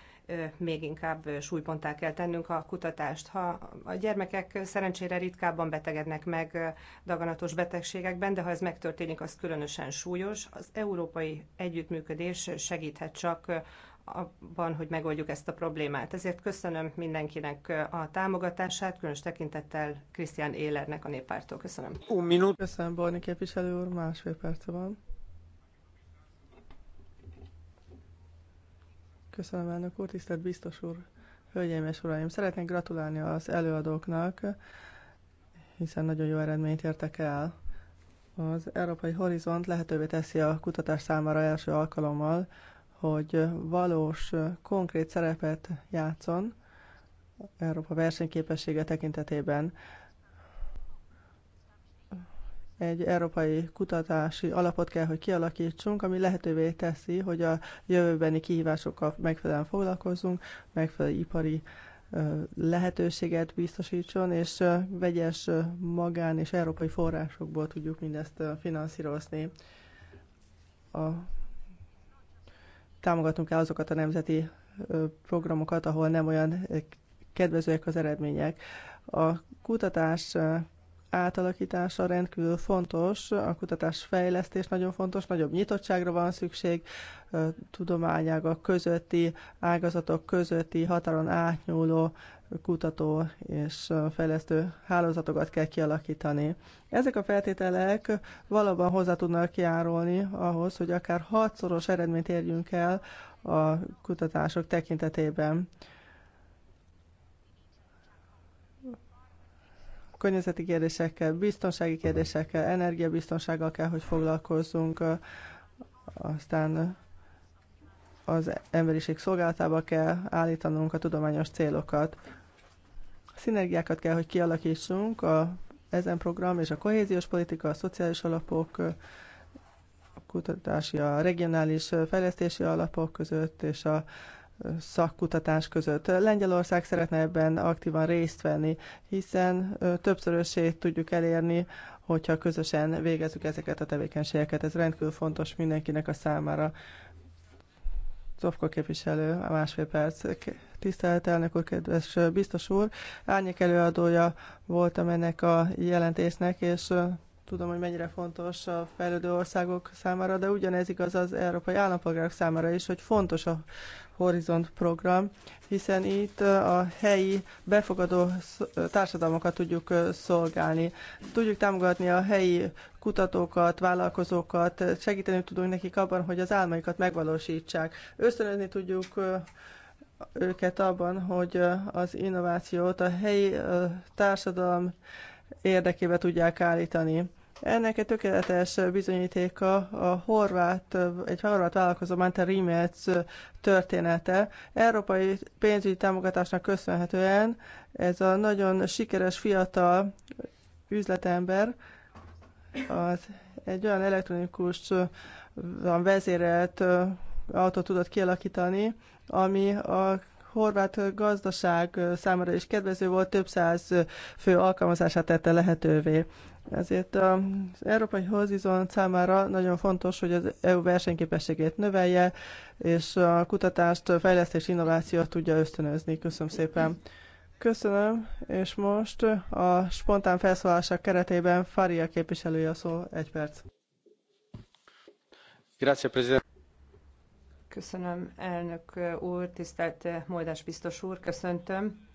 még inkább súlyponttá kell tennünk a kutatást. Ha a gyermekek szerencsére ritkábban betegednek meg daganatos betegségekben, de ha ez megtörténik, az különösen súlyos. Az európai együttműködés segíthet csak abban, hogy megoldjuk ezt a problémát. Ezért köszönöm mindenkinek a támogatását, különös tekintettel Krisztián Élernek a néppártól. Köszönöm. Un minut. Köszönöm, Barni képviselő úr, másfél perc van. Köszönöm, elnök úr, tisztelt biztos úr, hölgyeim és uraim. Szeretnék gratulálni az előadóknak, hiszen nagyon jó eredményt értek el. Az Európai Horizont lehetővé teszi a kutatás számára első alkalommal, hogy valós, konkrét szerepet játszon Európa versenyképessége tekintetében egy európai kutatási alapot kell, hogy kialakítsunk, ami lehetővé teszi, hogy a jövőbeni kihívásokkal megfelelően foglalkozzunk, megfelelő ipari lehetőséget biztosítson, és vegyes magán és európai forrásokból tudjuk mindezt finanszírozni. A, Támogatunk el azokat a nemzeti programokat, ahol nem olyan kedvezőek az eredmények. A kutatás átalakítása rendkívül fontos, a kutatás fejlesztés nagyon fontos, nagyobb nyitottságra van szükség, tudományágak közötti, ágazatok közötti, határon átnyúló kutató és fejlesztő hálózatokat kell kialakítani. Ezek a feltételek valóban hozzá tudnak járulni ahhoz, hogy akár hatszoros eredményt érjünk el a kutatások tekintetében. környezeti kérdésekkel, biztonsági kérdésekkel, energiabiztonsággal kell, hogy foglalkozzunk, aztán az emberiség szolgálatába kell állítanunk a tudományos célokat. Szinergiákat kell, hogy kialakítsunk a ezen program és a kohéziós politika, a szociális alapok, a kutatási, a regionális fejlesztési alapok között és a szakkutatás között. Lengyelország szeretne ebben aktívan részt venni, hiszen többszörösét tudjuk elérni, hogyha közösen végezzük ezeket a tevékenységeket. Ez rendkívül fontos mindenkinek a számára. Zofko képviselő, a másfél perc. Tisztelt elnök úr, kedves biztos úr, árnyék előadója voltam ennek a jelentésnek, és Tudom, hogy mennyire fontos a fejlődő országok számára, de ugyanez igaz az európai állampolgárok számára is, hogy fontos a Horizont program, hiszen itt a helyi befogadó társadalmakat tudjuk szolgálni. Tudjuk támogatni a helyi kutatókat, vállalkozókat, segíteni tudunk nekik abban, hogy az álmaikat megvalósítsák. Ösztönözni tudjuk őket abban, hogy az innovációt a helyi társadalom érdekébe tudják állítani. Ennek egy tökéletes bizonyítéka a horvát, egy horvát vállalkozó Mante Rimec története. Európai pénzügyi támogatásnak köszönhetően ez a nagyon sikeres fiatal üzletember az egy olyan elektronikus vezérelt autót tudott kialakítani, ami a horvát gazdaság számára is kedvező volt, több száz fő alkalmazását tette lehetővé. Ezért az Európai Horizon számára nagyon fontos, hogy az EU versenyképességét növelje, és a kutatást, fejlesztés, innovációt tudja ösztönözni. Köszönöm szépen. Köszönöm, és most a spontán felszólalások keretében Faria képviselője a szó, egy perc. Grazie, Presidente. Köszönöm, elnök úr, tisztelt Moldás biztos úr, köszöntöm.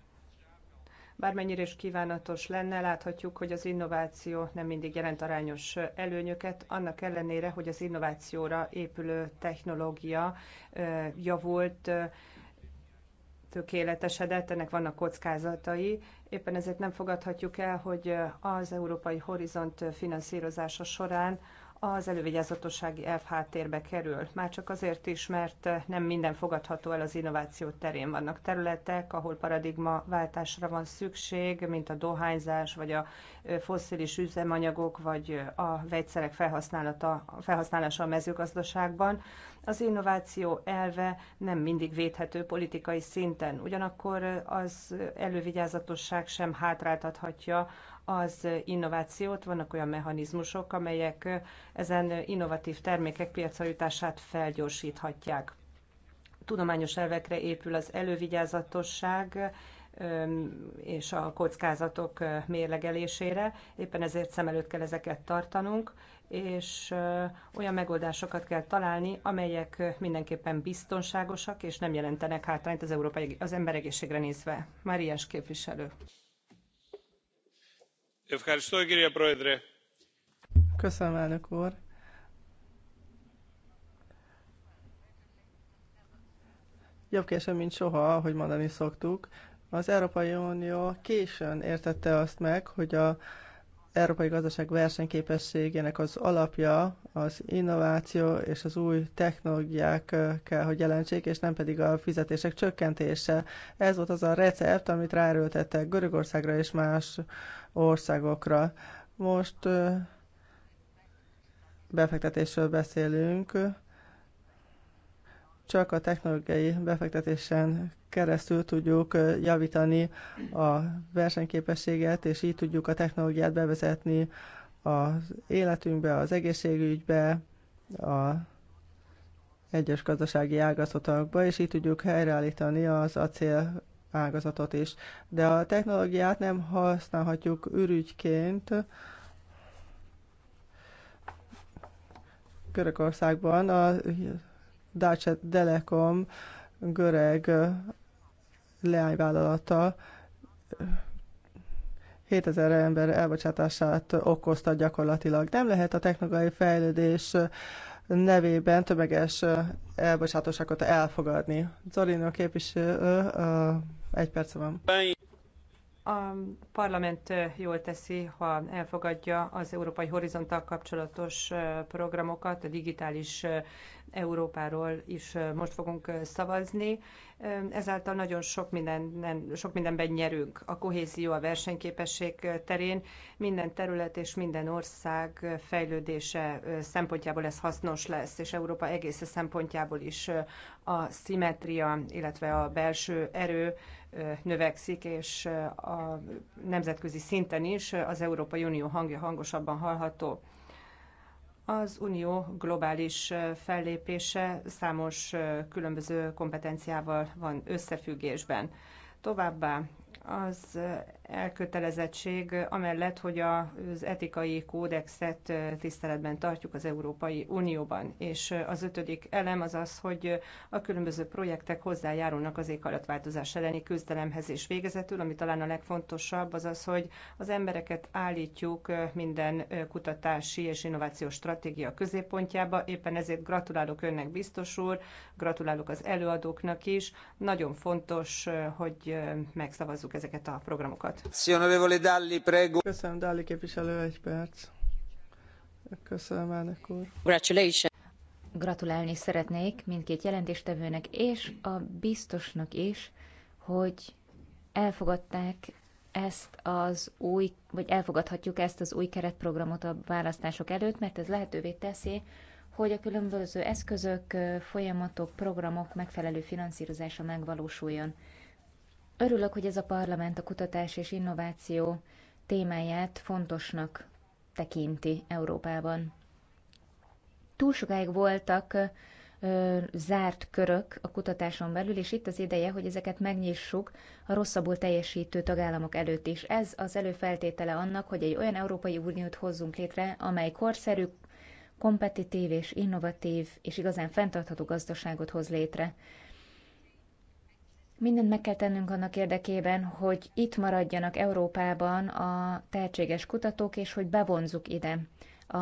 Bármennyire is kívánatos lenne, láthatjuk, hogy az innováció nem mindig jelent arányos előnyöket, annak ellenére, hogy az innovációra épülő technológia javult, tökéletesedett, ennek vannak kockázatai. Éppen ezért nem fogadhatjuk el, hogy az Európai Horizont finanszírozása során az elővigyázatossági elv háttérbe kerül. Már csak azért is, mert nem minden fogadható el az innováció terén. Vannak területek, ahol paradigmaváltásra van szükség, mint a dohányzás, vagy a fosszilis üzemanyagok, vagy a vegyszerek felhasználata, felhasználása a mezőgazdaságban. Az innováció elve nem mindig védhető politikai szinten. Ugyanakkor az elővigyázatosság sem hátráltathatja az innovációt, vannak olyan mechanizmusok, amelyek ezen innovatív termékek piacra jutását felgyorsíthatják. Tudományos elvekre épül az elővigyázatosság, és a kockázatok mérlegelésére. Éppen ezért szem előtt kell ezeket tartanunk, és olyan megoldásokat kell találni, amelyek mindenképpen biztonságosak, és nem jelentenek hátrányt az, európai, az emberegészségre nézve. Máriás képviselő. Köszönöm, elnök úr. Jobb későn, mint soha, ahogy mondani szoktuk. Az Európai Unió későn értette azt meg, hogy a európai gazdaság versenyképességének az alapja az innováció és az új technológiák kell, hogy jelentsék, és nem pedig a fizetések csökkentése. Ez volt az a recept, amit ráerőltettek Görögországra és más országokra. Most befektetésről beszélünk, csak a technológiai befektetésen keresztül tudjuk javítani a versenyképességet, és így tudjuk a technológiát bevezetni az életünkbe, az egészségügybe, a egyes gazdasági ágazatokba, és így tudjuk helyreállítani az acél ágazatot is. De a technológiát nem használhatjuk ürügyként. Görögországban a Dacia Telekom görög leányvállalata 7000 ember elbocsátását okozta gyakorlatilag. Nem lehet a technikai fejlődés nevében tömeges elbocsátóságot elfogadni. Zorino képviselő, egy perc van. A parlament jól teszi, ha elfogadja az Európai Horizontal kapcsolatos programokat, a digitális Európáról is most fogunk szavazni. Ezáltal nagyon sok, minden, sok mindenben nyerünk. A kohézió, a versenyképesség terén minden terület és minden ország fejlődése szempontjából ez hasznos lesz, és Európa egész szempontjából is a szimetria, illetve a belső erő növekszik, és a nemzetközi szinten is az Európai Unió hangja hangosabban hallható. Az unió globális fellépése számos különböző kompetenciával van összefüggésben. Továbbá az elkötelezettség amellett, hogy az etikai kódexet tiszteletben tartjuk az Európai Unióban. És az ötödik elem az az, hogy a különböző projektek hozzájárulnak az éghajlatváltozás elleni küzdelemhez és végezetül, ami talán a legfontosabb, az az, hogy az embereket állítjuk minden kutatási és innovációs stratégia középpontjába. Éppen ezért gratulálok önnek, biztos úr, gratulálok az előadóknak is. Nagyon fontos, hogy megszavazunk alkalmazzuk ezeket a programokat. Köszönöm, Dalli képviselő, egy perc. Köszönöm, elnök úr. Congratulations. Gratulálni szeretnék mindkét jelentéstevőnek és a biztosnak is, hogy elfogadták ezt az új, vagy elfogadhatjuk ezt az új keretprogramot a választások előtt, mert ez lehetővé teszi, hogy a különböző eszközök, folyamatok, programok megfelelő finanszírozása megvalósuljon. Örülök, hogy ez a parlament a kutatás és innováció témáját fontosnak tekinti Európában. Túl sokáig voltak ö, zárt körök a kutatáson belül, és itt az ideje, hogy ezeket megnyissuk a rosszabbul teljesítő tagállamok előtt is. Ez az előfeltétele annak, hogy egy olyan Európai Uniót hozzunk létre, amely korszerű, kompetitív és innovatív és igazán fenntartható gazdaságot hoz létre. Mindent meg kell tennünk annak érdekében, hogy itt maradjanak Európában a tehetséges kutatók, és hogy bevonzuk ide a,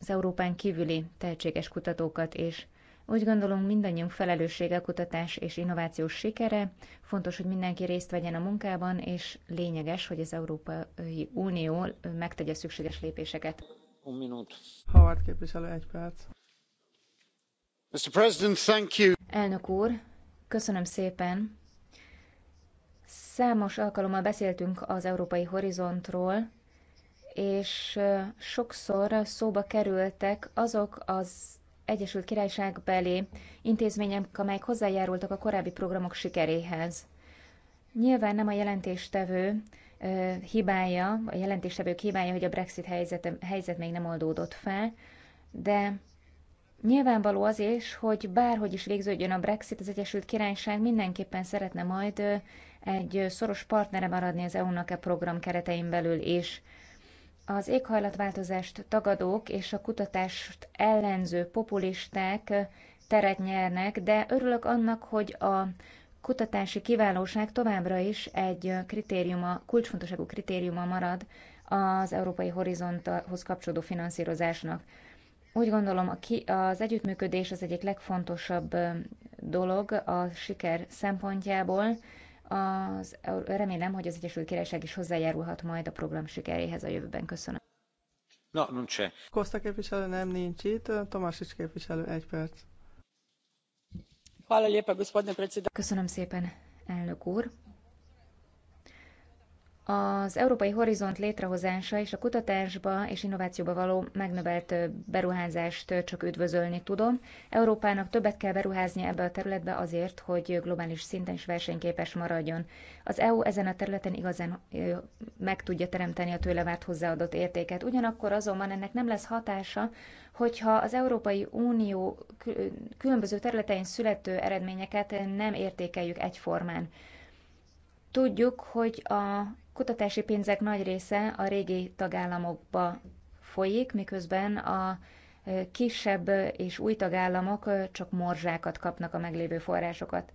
az Európán kívüli tehetséges kutatókat is. Úgy gondolom, mindannyiunk felelőssége a kutatás és innovációs sikere. Fontos, hogy mindenki részt vegyen a munkában, és lényeges, hogy az Európai Unió megtegye szükséges lépéseket. Un minut. Howard képviselő, egy perc. Mr. President, thank you. Elnök úr, Köszönöm szépen. Számos alkalommal beszéltünk az Európai Horizontról, és sokszor szóba kerültek azok az Egyesült Királyság belé intézmények, amelyek hozzájárultak a korábbi programok sikeréhez. Nyilván nem a jelentéstevő hibája, a jelentéstevők hibája, hogy a Brexit helyzet, helyzet még nem oldódott fel, de Nyilvánvaló az is, hogy bárhogy is végződjön a Brexit, az Egyesült Királyság mindenképpen szeretne majd egy szoros partnere maradni az EU-nak e program keretein belül is. Az éghajlatváltozást tagadók és a kutatást ellenző populisták teret nyernek, de örülök annak, hogy a kutatási kiválóság továbbra is egy kritériuma, kulcsfontosságú kritériuma marad az Európai Horizonthoz kapcsolódó finanszírozásnak. Úgy gondolom, a ki, az együttműködés az egyik legfontosabb dolog a siker szempontjából. Az, remélem, hogy az Egyesült Királyság is hozzájárulhat majd a program sikeréhez a jövőben. Köszönöm. Na, no, nincs. Kosta képviselő nem nincs itt, Tomásics képviselő egy perc. Köszönöm szépen, elnök úr az Európai Horizont létrehozása és a kutatásba és innovációba való megnövelt beruházást csak üdvözölni tudom. Európának többet kell beruháznia ebbe a területbe azért, hogy globális szinten is versenyképes maradjon. Az EU ezen a területen igazán meg tudja teremteni a tőle várt hozzáadott értéket. Ugyanakkor azonban ennek nem lesz hatása, hogyha az Európai Unió különböző területein születő eredményeket nem értékeljük egyformán. Tudjuk, hogy a kutatási pénzek nagy része a régi tagállamokba folyik, miközben a e, kisebb és új tagállamok e, csak morzsákat kapnak a meglévő forrásokat.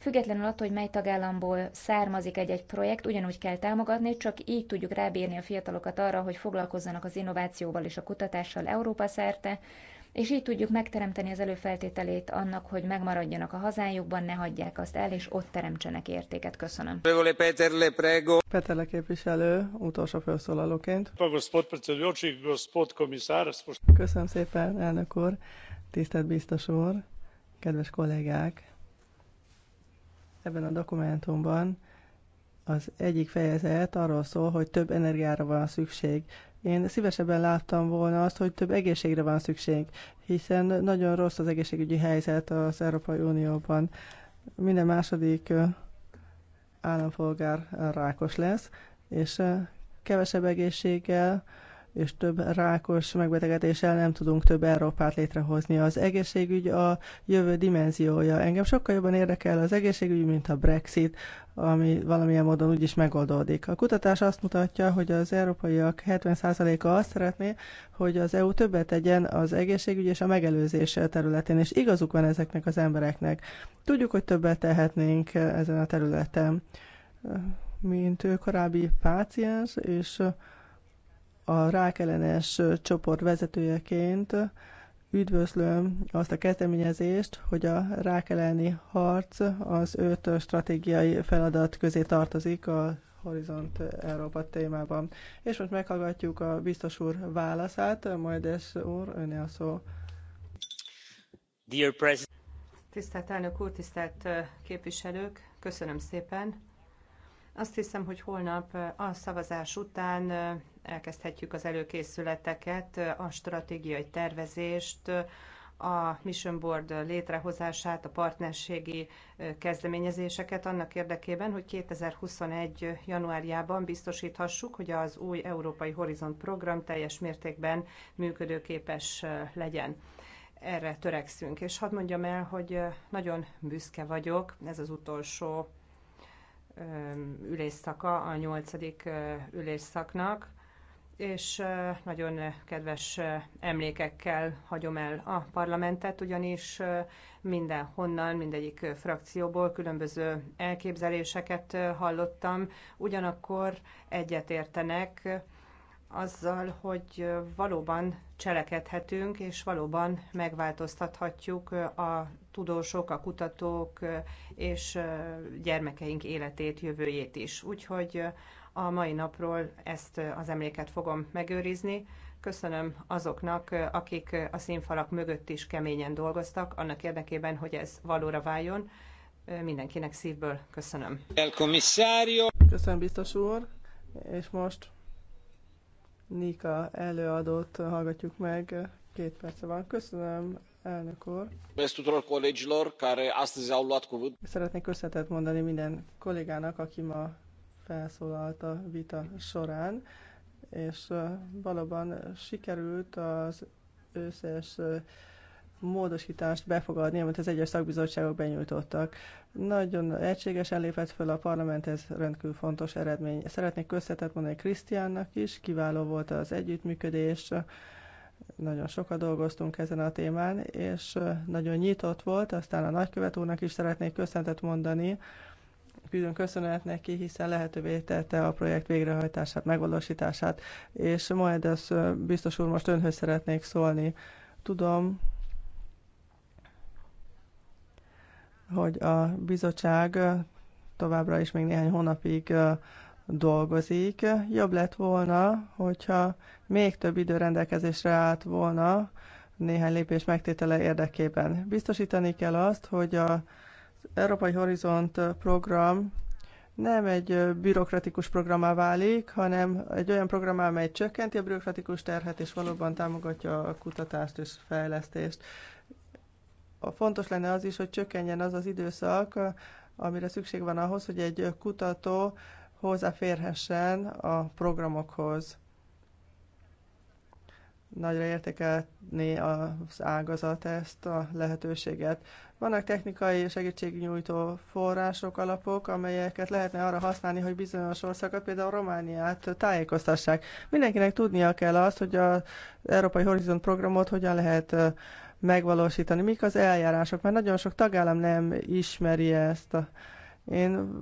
Függetlenül attól, hogy mely tagállamból származik egy-egy projekt, ugyanúgy kell támogatni, csak így tudjuk rábírni a fiatalokat arra, hogy foglalkozzanak az innovációval és a kutatással Európa szerte, és így tudjuk megteremteni az előfeltételét annak, hogy megmaradjanak a hazájukban, ne hagyják azt el, és ott teremtsenek értéket. Köszönöm. Petele prego. képviselő, utolsó felszólalóként. Köszönöm szépen, elnök úr, tisztelt biztos úr, kedves kollégák. Ebben a dokumentumban az egyik fejezet arról szól, hogy több energiára van szükség. Én szívesebben láttam volna azt, hogy több egészségre van szükség, hiszen nagyon rossz az egészségügyi helyzet az Európai Unióban. Minden második állampolgár rákos lesz, és kevesebb egészséggel, és több rákos megbetegedéssel nem tudunk több Európát létrehozni. Az egészségügy a jövő dimenziója. Engem sokkal jobban érdekel az egészségügy, mint a Brexit, ami valamilyen módon úgyis megoldódik. A kutatás azt mutatja, hogy az európaiak 70%-a azt szeretné, hogy az EU többet tegyen az egészségügy és a megelőzés területén, és igazuk van ezeknek az embereknek. Tudjuk, hogy többet tehetnénk ezen a területen, mint korábbi páciens, és a rákellenes csoport vezetőjeként üdvözlöm azt a kezdeményezést, hogy a rák elleni harc az öt stratégiai feladat közé tartozik a Horizont Európa témában. És most meghallgatjuk a biztos úr válaszát, majd ez úr, öné a szó. Dear President. Tisztelt elnök úr, tisztelt képviselők, köszönöm szépen. Azt hiszem, hogy holnap a szavazás után elkezdhetjük az előkészületeket, a stratégiai tervezést, a Mission Board létrehozását, a partnerségi kezdeményezéseket annak érdekében, hogy 2021. januárjában biztosíthassuk, hogy az új Európai Horizont program teljes mértékben működőképes legyen. Erre törekszünk. És hadd mondjam el, hogy nagyon büszke vagyok, ez az utolsó ülésszaka a nyolcadik ülésszaknak, és nagyon kedves emlékekkel hagyom el a parlamentet, ugyanis mindenhonnan, mindegyik frakcióból különböző elképzeléseket hallottam, ugyanakkor egyetértenek, azzal, hogy valóban cselekedhetünk, és valóban megváltoztathatjuk a tudósok, a kutatók és gyermekeink életét, jövőjét is. Úgyhogy a mai napról ezt az emléket fogom megőrizni. Köszönöm azoknak, akik a színfalak mögött is keményen dolgoztak, annak érdekében, hogy ez valóra váljon. Mindenkinek szívből köszönöm. El Köszönöm, biztos úr. És most Nika előadót hallgatjuk meg. Két perce van. Köszönöm, elnök úr. Szeretnék köszönetet mondani minden kollégának, aki ma felszólalt a vita során, és valóban sikerült az összes módosítást befogadni, amit az egyes szakbizottságok benyújtottak. Nagyon egységesen lépett föl a parlament, ez rendkívül fontos eredmény. Szeretnék köszönetet mondani Krisztiánnak is, kiváló volt az együttműködés, nagyon sokat dolgoztunk ezen a témán, és nagyon nyitott volt, aztán a nagykövet úrnak is szeretnék köszönetet mondani, külön köszönet neki, hiszen lehetővé tette a projekt végrehajtását, megvalósítását, és majd az biztos úr most önhöz szeretnék szólni. Tudom, hogy a bizottság továbbra is még néhány hónapig dolgozik. Jobb lett volna, hogyha még több idő rendelkezésre állt volna néhány lépés megtétele érdekében. Biztosítani kell azt, hogy a Európai Horizont program nem egy bürokratikus programá válik, hanem egy olyan programá, amely csökkenti a bürokratikus terhet, és valóban támogatja a kutatást és fejlesztést fontos lenne az is, hogy csökkenjen az az időszak, amire szükség van ahhoz, hogy egy kutató hozzáférhessen a programokhoz. Nagyra értékelni az ágazat ezt a lehetőséget. Vannak technikai segítségnyújtó források, alapok, amelyeket lehetne arra használni, hogy bizonyos országokat, például Romániát tájékoztassák. Mindenkinek tudnia kell azt, hogy az Európai Horizont programot hogyan lehet megvalósítani? Mik az eljárások? Mert nagyon sok tagállam nem ismeri ezt. A... Én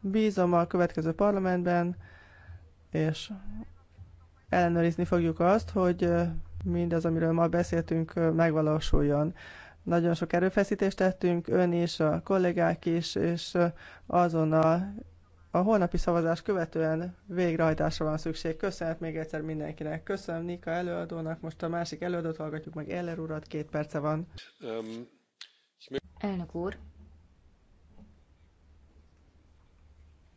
bízom a következő parlamentben, és ellenőrizni fogjuk azt, hogy mindaz, amiről ma beszéltünk, megvalósuljon. Nagyon sok erőfeszítést tettünk, ön is, a kollégák is, és azonnal a holnapi szavazás követően végrehajtásra van szükség. Köszönet még egyszer mindenkinek. Köszönöm Nika előadónak. Most a másik előadót hallgatjuk meg. Eller urat, két perce van. Elnök úr,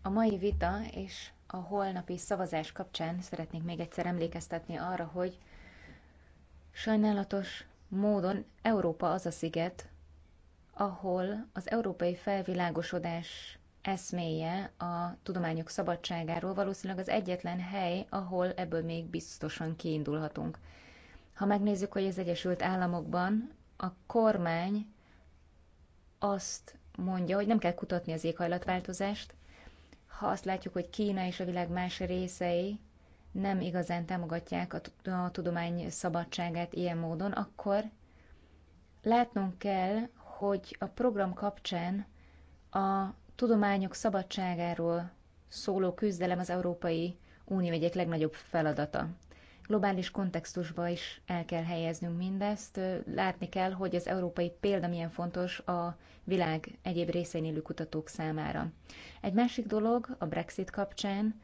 a mai vita és a holnapi szavazás kapcsán szeretnék még egyszer emlékeztetni arra, hogy sajnálatos módon Európa az a sziget, ahol az európai felvilágosodás eszméje a tudományok szabadságáról valószínűleg az egyetlen hely, ahol ebből még biztosan kiindulhatunk. Ha megnézzük, hogy az Egyesült Államokban a kormány azt mondja, hogy nem kell kutatni az éghajlatváltozást, ha azt látjuk, hogy Kína és a világ más részei nem igazán támogatják a, a tudomány szabadságát ilyen módon, akkor látnunk kell, hogy a program kapcsán a tudományok szabadságáról szóló küzdelem az Európai Unió egyik legnagyobb feladata. Globális kontextusba is el kell helyeznünk mindezt. Látni kell, hogy az európai példa milyen fontos a világ egyéb részein élő kutatók számára. Egy másik dolog a Brexit kapcsán,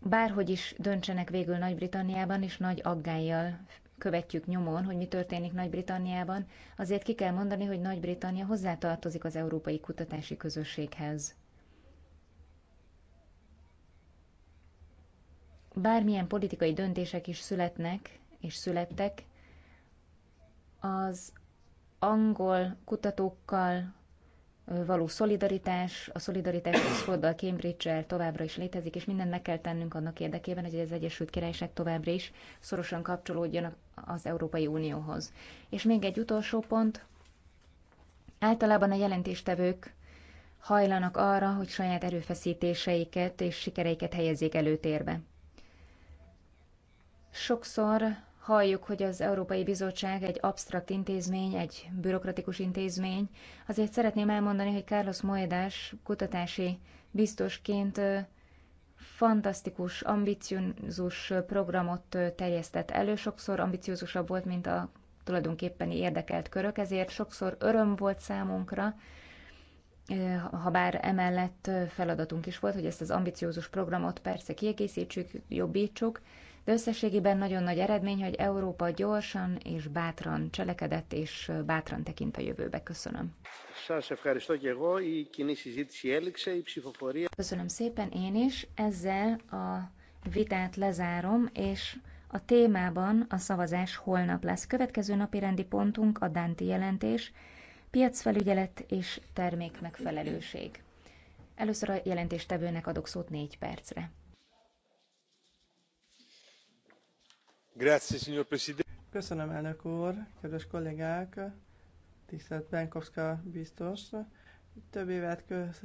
bárhogy is döntsenek végül Nagy-Britanniában, és nagy aggájjal követjük nyomon, hogy mi történik Nagy-Britanniában, azért ki kell mondani, hogy Nagy-Britannia hozzátartozik az európai kutatási közösséghez. Bármilyen politikai döntések is születnek, és születtek, az angol kutatókkal való szolidaritás, a szolidaritás Oxforddal, Cambridge-el továbbra is létezik, és mindent meg kell tennünk annak érdekében, hogy az Egyesült Királyság továbbra is szorosan kapcsolódjon az Európai Unióhoz. És még egy utolsó pont. Általában a jelentéstevők hajlanak arra, hogy saját erőfeszítéseiket és sikereiket helyezzék előtérbe. Sokszor halljuk, hogy az Európai Bizottság egy absztrakt intézmény, egy bürokratikus intézmény. Azért szeretném elmondani, hogy Carlos Moedás kutatási biztosként fantasztikus, ambiciózus programot terjesztett elő, sokszor ambiciózusabb volt, mint a tulajdonképpeni érdekelt körök, ezért sokszor öröm volt számunkra, ha bár emellett feladatunk is volt, hogy ezt az ambiciózus programot persze kiegészítsük, jobbítsuk, összességében nagyon nagy eredmény, hogy Európa gyorsan és bátran cselekedett, és bátran tekint a jövőbe. Köszönöm. Köszönöm szépen én is. Ezzel a vitát lezárom, és a témában a szavazás holnap lesz. Következő napi rendi pontunk a Dánti jelentés, piacfelügyelet és termékmegfelelőség. Először a jelentéstevőnek adok szót négy percre. Köszönöm, elnök úr, kedves kollégák, tisztelt Benkovska biztos. Több évet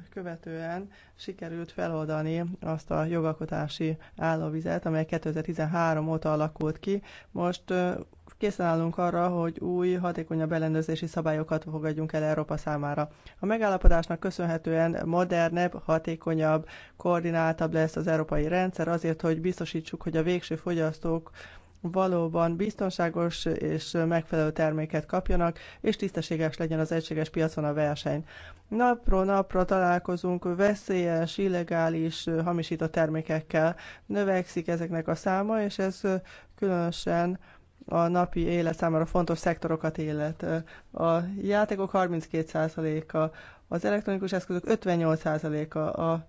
követően sikerült feloldani azt a jogalkotási állóvizet, amely 2013 óta alakult ki. Most készen állunk arra, hogy új, hatékonyabb ellenőrzési szabályokat fogadjunk el Európa számára. A megállapodásnak köszönhetően modernebb, hatékonyabb, koordináltabb lesz az európai rendszer azért, hogy biztosítsuk, hogy a végső fogyasztók valóban biztonságos és megfelelő terméket kapjanak, és tisztességes legyen az egységes piacon a verseny. Napról napra találkozunk veszélyes, illegális, hamisított termékekkel. Növekszik ezeknek a száma, és ez különösen a napi élet számára fontos szektorokat élet. A játékok 32%-a, az elektronikus eszközök 58%-a, a, a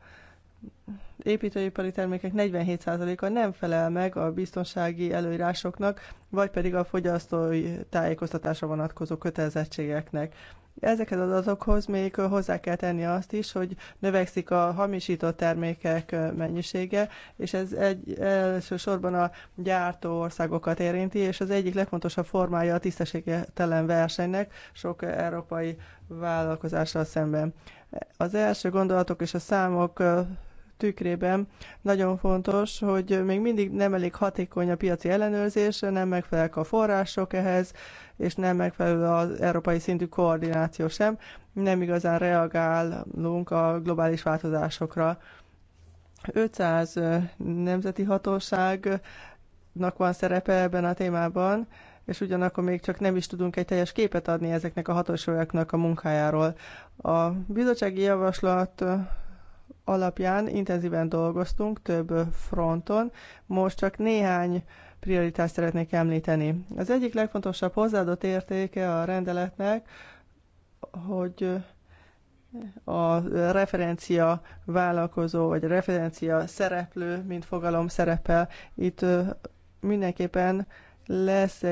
építőipari termékek 47%-a nem felel meg a biztonsági előírásoknak, vagy pedig a fogyasztói tájékoztatásra vonatkozó kötelezettségeknek. Ezekhez az adatokhoz még hozzá kell tenni azt is, hogy növekszik a hamisított termékek mennyisége, és ez egy, elsősorban a gyártó országokat érinti, és az egyik legfontosabb formája a tisztességtelen versenynek sok európai vállalkozással szemben. Az első gondolatok és a számok tükrében nagyon fontos, hogy még mindig nem elég hatékony a piaci ellenőrzés, nem megfelelnek a források ehhez, és nem megfelelő az európai szintű koordináció sem. Nem igazán reagálunk a globális változásokra. 500 nemzeti hatóságnak van szerepe ebben a témában, és ugyanakkor még csak nem is tudunk egy teljes képet adni ezeknek a hatóságoknak a munkájáról. A bizottsági javaslat alapján intenzíven dolgoztunk több fronton. Most csak néhány prioritást szeretnék említeni. Az egyik legfontosabb hozzáadott értéke a rendeletnek, hogy a referencia vállalkozó vagy referencia szereplő, mint fogalom szerepel. Itt mindenképpen lesz